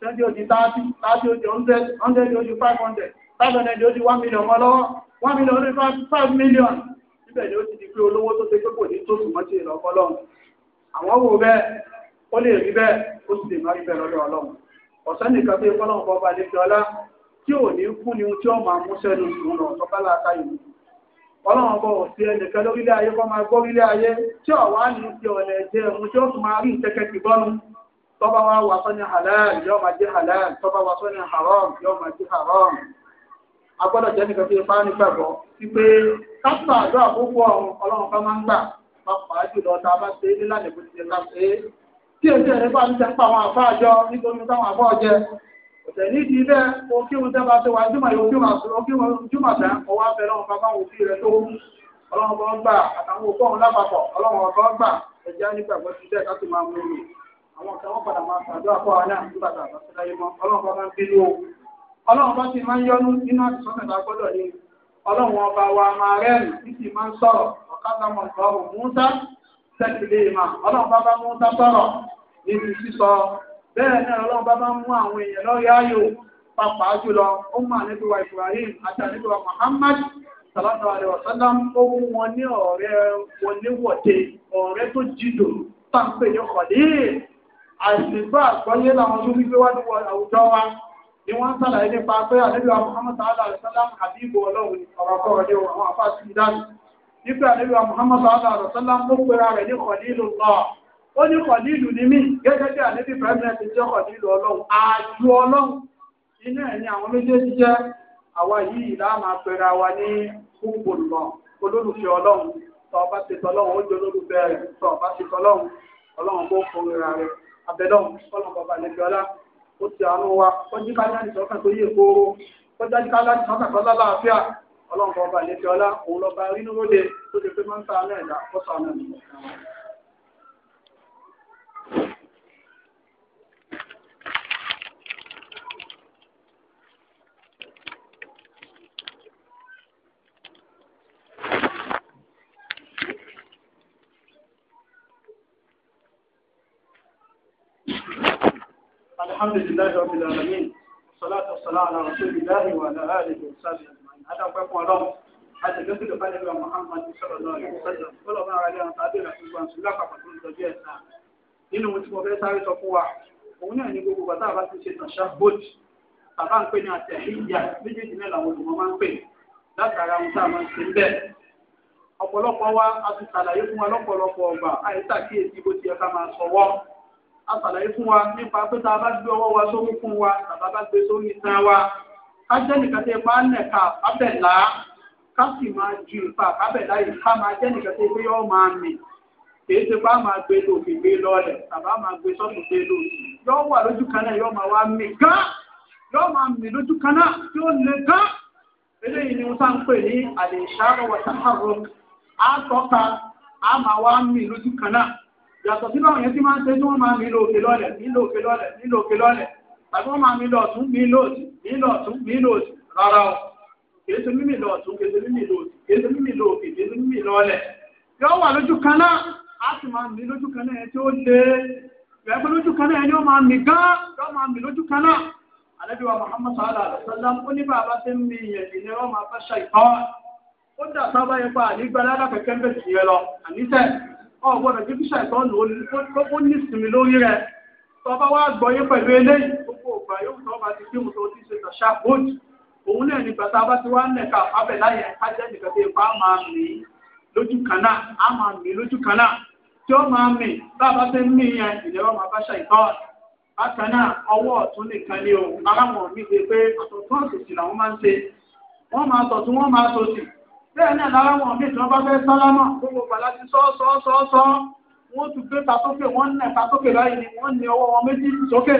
twenty ó di thirty thirty ó di hundred hundred oji five hundred five hundred ó one million one million five million ni o ti di pé olówó tó ṣe pé ní tó mọ́ sí ìlọ́kọ́ lọ́run àwọn wò bẹ́ẹ̀ o lè rí bẹ́ẹ̀ o sì lè má rí nìkan ọlá tí ò ní ni tí ó máa tọ́ba wa wà sọ́ni halal yóò máa jẹ́ halal tọ́ba wa sọ́ni haram yóò máa jẹ́ haram agbọ́dọ̀ jẹ́ nìkan tí ipá nígbàgbọ́ sí pé kápá àdó àkókò ọ̀run ọlọ́run ká máa ń gbà pàápàá jùlọ tá a bá ṣe é nílànà ìbò tiẹ̀ ká ṣe é tí èsì ẹ̀rẹ́ bá ń tẹ́ pa àwọn àfáà jọ nítorí táwọn àfáà jẹ ọ̀tẹ̀ nídìí bẹ́ẹ̀ o kí wọn dábàá ṣe wà jùmọ̀ yóò kí wọn àṣọ kí wọn jùmọ̀ tán o wá fẹ́ lọ́wọ́ bàbá wọn òfin rẹ tó ọlọ́run bọ́ gbà àtàwọn òkú ọ̀hún lápapọ̀ ọlọ́run ọ̀gbọ́n gbà ẹ̀jẹ̀ á nígbàgbọ́ ti bẹ́ẹ̀ ká tó máa mú un àwọn kan wọ́n padà máa pàdé àpò àwọn náà nígbà tá a bá síláyé mọ́ ọlọ́run bá máa ń bínú o ọlọ́run bá ti máa ń yọnu nínú àtisọ́nà tá a gbọ́dọ̀ ni ọlọ́run ọba wa máa rẹ́rìn títí máa ń sọ̀rọ̀ ọ̀kadà mọ̀ nǹkan ọ̀hún múta tẹ́tìlé ma ọlọ́run bá bá múta sọ̀rọ̀ níbi sísọ bẹ́ẹ̀ náà ọlọ́run bá bá mú àwọn èèyàn lọ́rí ayò pàápàá jùlọ ó mà níbi wa Ibrahim àti àníbi wa Muhammad sàlọ́dọ̀ àlẹ́ ọ̀sọ́dá ó mú wọn ní ọ̀rẹ́ wọléwọ̀de ọ̀rẹ́ tó jìdò táǹpẹ̀ ní ọ̀kọ̀dé àṣìgbà àgbọ́yé làwọn tó wípé wá níwọ̀ àwùjọ wa ni wọ́n ń sàlàyé nípa pé àlébí wa Muhammad sallallahu alaihi wasallam àbíbò ọlọ́run ọ̀rọ̀kọ̀rọ̀ ní àwọn àfáàsì ìdáni nípa àlébí wa Muhammad sallallahu alaihi wasallam ó pera rẹ̀ ní Khalilullah ó ní Khalilu ní mí gẹ́gẹ́ bí àlébí president jẹ́ Khalilu ọlọ́run àjù ọlọ́run iná ẹ̀ ni àwọn méjèèjì jẹ́ àwa yìí láàmà pera wa ní kúkúlọ̀ olólùfẹ́ ọlọ́run tọ́ọ̀bá ti tọ́lọ́run ó jẹ́ olólùfẹ́ rẹ̀ ọlọ́run abẹ́lọ́ kọ́lọ̀ bàbá lẹ́gbẹ̀ọ́lá ó ti àánú wa kọjú ká ní àdìsọ́kàn tó yé e kóró kọjú ká ní àdìsọ́kàn tó lálàáfíà ọlọ́run bàbá lẹ́gbẹ̀ọ́lá òun lọ́ba rínúwó lè tó ti pé máa ń ta àánú ẹ̀dá kọ́sọ̀ àánú ẹ̀dá الحمد لله رب العالمين والصلاة والسلام على رسول الله وعلى آله وصحبه أجمعين هذا أقوى لهم àti lọ́sí lọ́ba nígbà Muhammad sọ̀rọ̀ lọ́wọ́ rẹ̀ sọ́jọ́ fọlọ́ bá ara yàrá tàbí rẹ̀ fún gbọ̀nsù lápapọ̀ tó ń tọ́jú ẹ̀ náà nínú ohun tí mo fẹ́ sáré sọ fún wa òun náà ní gbogbo bàtà bá ti ṣe tàṣà bóòt bàbá ń pè ní àtẹ̀híyà méjèèjì náà làwọn ọ̀pọ̀lọpọ̀ wa a ti ṣàlàyé fún wa ọgbà àìsàkíyèsí bó ti yẹ máa sọ wọ́n àtàlàyé fún wa nípa pé tá a bá gbé ọwọ́ wa sórí fún wa tàbá bá gbé sórí itan wa ká jẹ́ nìkan tẹ́ pa ń nẹ̀ka àbẹ̀lá ká sì máa ju ìpa àbẹ̀lá yìí ká máa jẹ́ nìkan tẹ́ pé yọ́ máa mì kìí ṣe bá máa gbé lòkè gbé lọ́ọ̀lẹ̀ tàbá máa gbé sọ́ọ̀tù gbé lòkè yọ́ wà lójú kan náà yọ́ máa wá mì gán yọ́ máa mì lójú kan náà tí ó le gán eléyìí ni wọ́n sá ń pè ní àlè ìṣàrọ̀wọ̀ sàkàrọ̀ àtọ́ka àmàwá mì lójú kan náà yàtọ̀ sí báwọn yẹn ti máa ń ṣe tí wọ́n máa ń nílò òkè lọ́lẹ̀ nílò òkè lọ́lẹ̀ nílò òkè lọ́lẹ̀ tàbí wọ́n máa ń nílò ọ̀tún nílò òsì nílò ọ̀tún nílò òsì rárá o kìí ṣe mímì lọ ọ̀tún kìí ṣe mímì lọ òsì kìí ṣe mímì lọ òkè kìí ṣe mímì lọ́lẹ̀ yọ wà lójú kan náà á sì máa mì lójú kan náà tí ó lé ẹgbẹ́ lójú kan náà ni ó máa mì gán yọ máa mì lójú kan náà àlejò wa Muhammad sallallahu alaihi wa sallam ó ní bàbá ṣe ń mi ìyẹn ìyẹn wọn máa fẹ́ ṣe ìkọ́ ó dà sábà yẹn pa ànígbà lára kẹ̀kẹ́ ń bẹ̀ sí yẹn lọ àníṣẹ́ ọ̀gbọ́dọ̀ jẹ́ kíṣà ìtọ́nù ó ní ìsinmi lórí rẹ̀ tọba wá gbọ́yé pẹ̀lú eléyìí gbogbo ògbà yóò tọ́ba ti kí mùtò ti ṣe tọ̀ṣà bóòtù òun náà ní bàtà bá ti wá ń nẹ̀ka àbẹ̀ láyé ẹ̀ka jẹ́ nìkan tó yẹ a máa mì í lójú kan náà a máa mì í lójú kan tí ó máa mì bá a bá fẹ́ mì yẹn ìlera máa bá ṣàìtọ́n bákan náà ọwọ́ ọ̀tún nìkan ni o aláwọ̀ mi ṣe pé àtọ̀tún àtòsì làwọn máa ń ṣe wọ́n máa tọ̀tún wọ́n máa tòsì bẹ́ẹ̀ náà lára wọn mí tí wọ́n bá fẹ́ sálámà gbogbo bàlá ti sọ́ sọ́ sọ́ sọ́ wọ́n tún gbé ta sókè wọ́n nà ta sókè báyìí ni wọ́n ní ọwọ́ wọn méjì sókè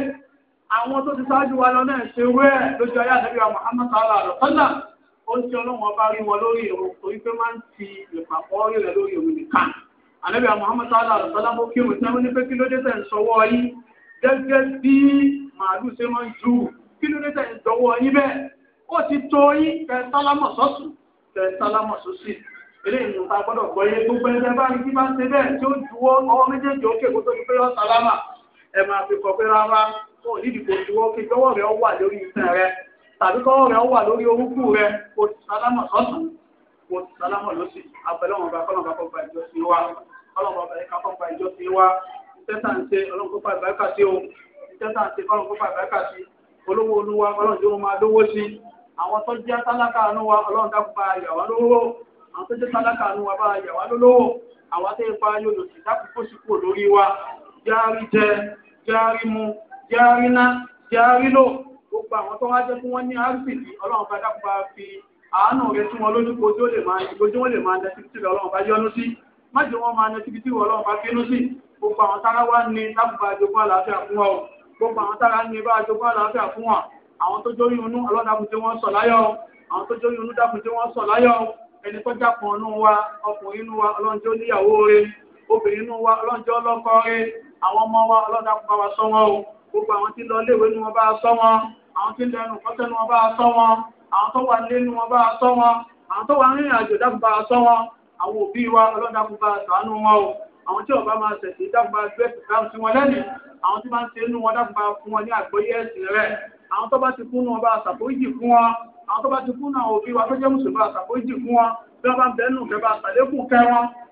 àwọn tó ti ṣáájú wa lọ náà ṣe wẹ́ lójú ayé àdébí wa Muhammad sallallahu alaihi wa sallam ó ń ṣe ọlọ́run ọba rí wọn lórí ìrò torí pé máa ń ti ìpàpọ̀ rí rẹ̀ lórí òun nìkan àdébí wa Muhammad sallallahu alaihi wa kí tẹ sálámà sósì eléyìí ló ta gbọ́dọ̀ gbọ́ iye gbogbo ẹgbẹ́ bá ní kí bá ń ṣe bẹ́ẹ̀ tí ó juwọ́ ọwọ́ méjèèjì òkè kó tó pé yọ sálámà ẹ máa fi pé rárá kó o nídìí juwọ́ kí wà lórí iṣẹ́ tàbí kọ́wọ́ rẹ̀ wà lórí orúkú rẹ̀ kó sálámà sọ́tún sálámà bá ìjọ wa o àwọn tó jẹ́ tálákà àánú wa ọlọ́run dákù bá yàwá lówó àwọn tó jẹ́ tálákà àánú wa bá yàwá lówó àwọn tó ipa yóò lò sí dákù kó sí kúrò lórí wa járí jẹ járí mu járí ná járí lò gbogbo àwọn tó wá jẹ fún wọn ní rpd ọlọ́run bá dákù bá fi àánú rẹ sí wọn lójú kojú ó lè máa ìgbójú wọn lè máa nẹ síbi tí ọlọ́run bá yọnu sí má jẹ wọn máa nẹ síbi tí ọlọ́run bá fínú sí gbogbo àwọn tára wá ní dákù bá jogún àlàáfíà fún wa gbogbo àwọn tára ní bá jogún àlàáfíà fún wa. àwọn tó jórí inú ọlọ́dàkùn tí wọ́n sọ láyọ̀ àwọn tó jórí inú dàkùn tí wọ́n sọ láyọ̀ ẹni tó jápọ̀ inú wa ọkùnrin inú wa ọlọ́njọ́ níyàwó rẹ obìnrin inú wa ọlọ́njọ́ ọlọ́kọ rẹ àwọn ọmọ wa ọlọ́dàkùn bá wa sọ wọn o gbogbo àwọn tí lọ léèwé ni wọ́n bá sọ wọn àwọn tí ń kọ́tẹ́ ni wọ́n bá sọ wọn àwọn tó wà nílé ni wọ́n bá sọ wọn àwọn tó wà rìnrìn àjò dákun bá sọ wọn àwọn òbí wa ọlọ́dàkùn bá ṣàánú wọn o àwọn tí ọba máa ṣẹ̀ṣẹ̀ dákun bá gbé ẹ̀sìn dáhùn sí wọn lẹ́nu àwọn tí máa ń ṣe inú wọn dákun bá fún wọn ní àgbọ́yé ẹ̀sìn rẹ̀ àwọn tó bá ti iji náà bá àṣàforíjì fún wọn àwọn tó bá ti kú náà òbí wa tó jẹ́ mùsùlùmí àṣàforíjì fún wọn bí wọ́n bá ń bẹ́nu kẹba àṣàlékún kẹ wọn bí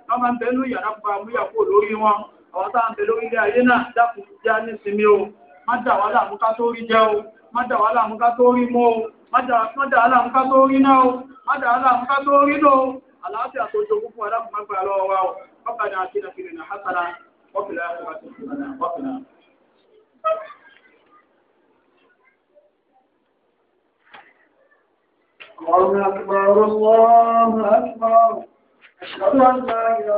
wọ́n bá ń bẹ́nu yàrá fún amúyàkó lórí wọn àwọn tá à ń bẹ lórí ilé ayé náà dákun já ní o má dà ká o má dà ká tó الله أكبر الله أكبر أشهد أن لا إله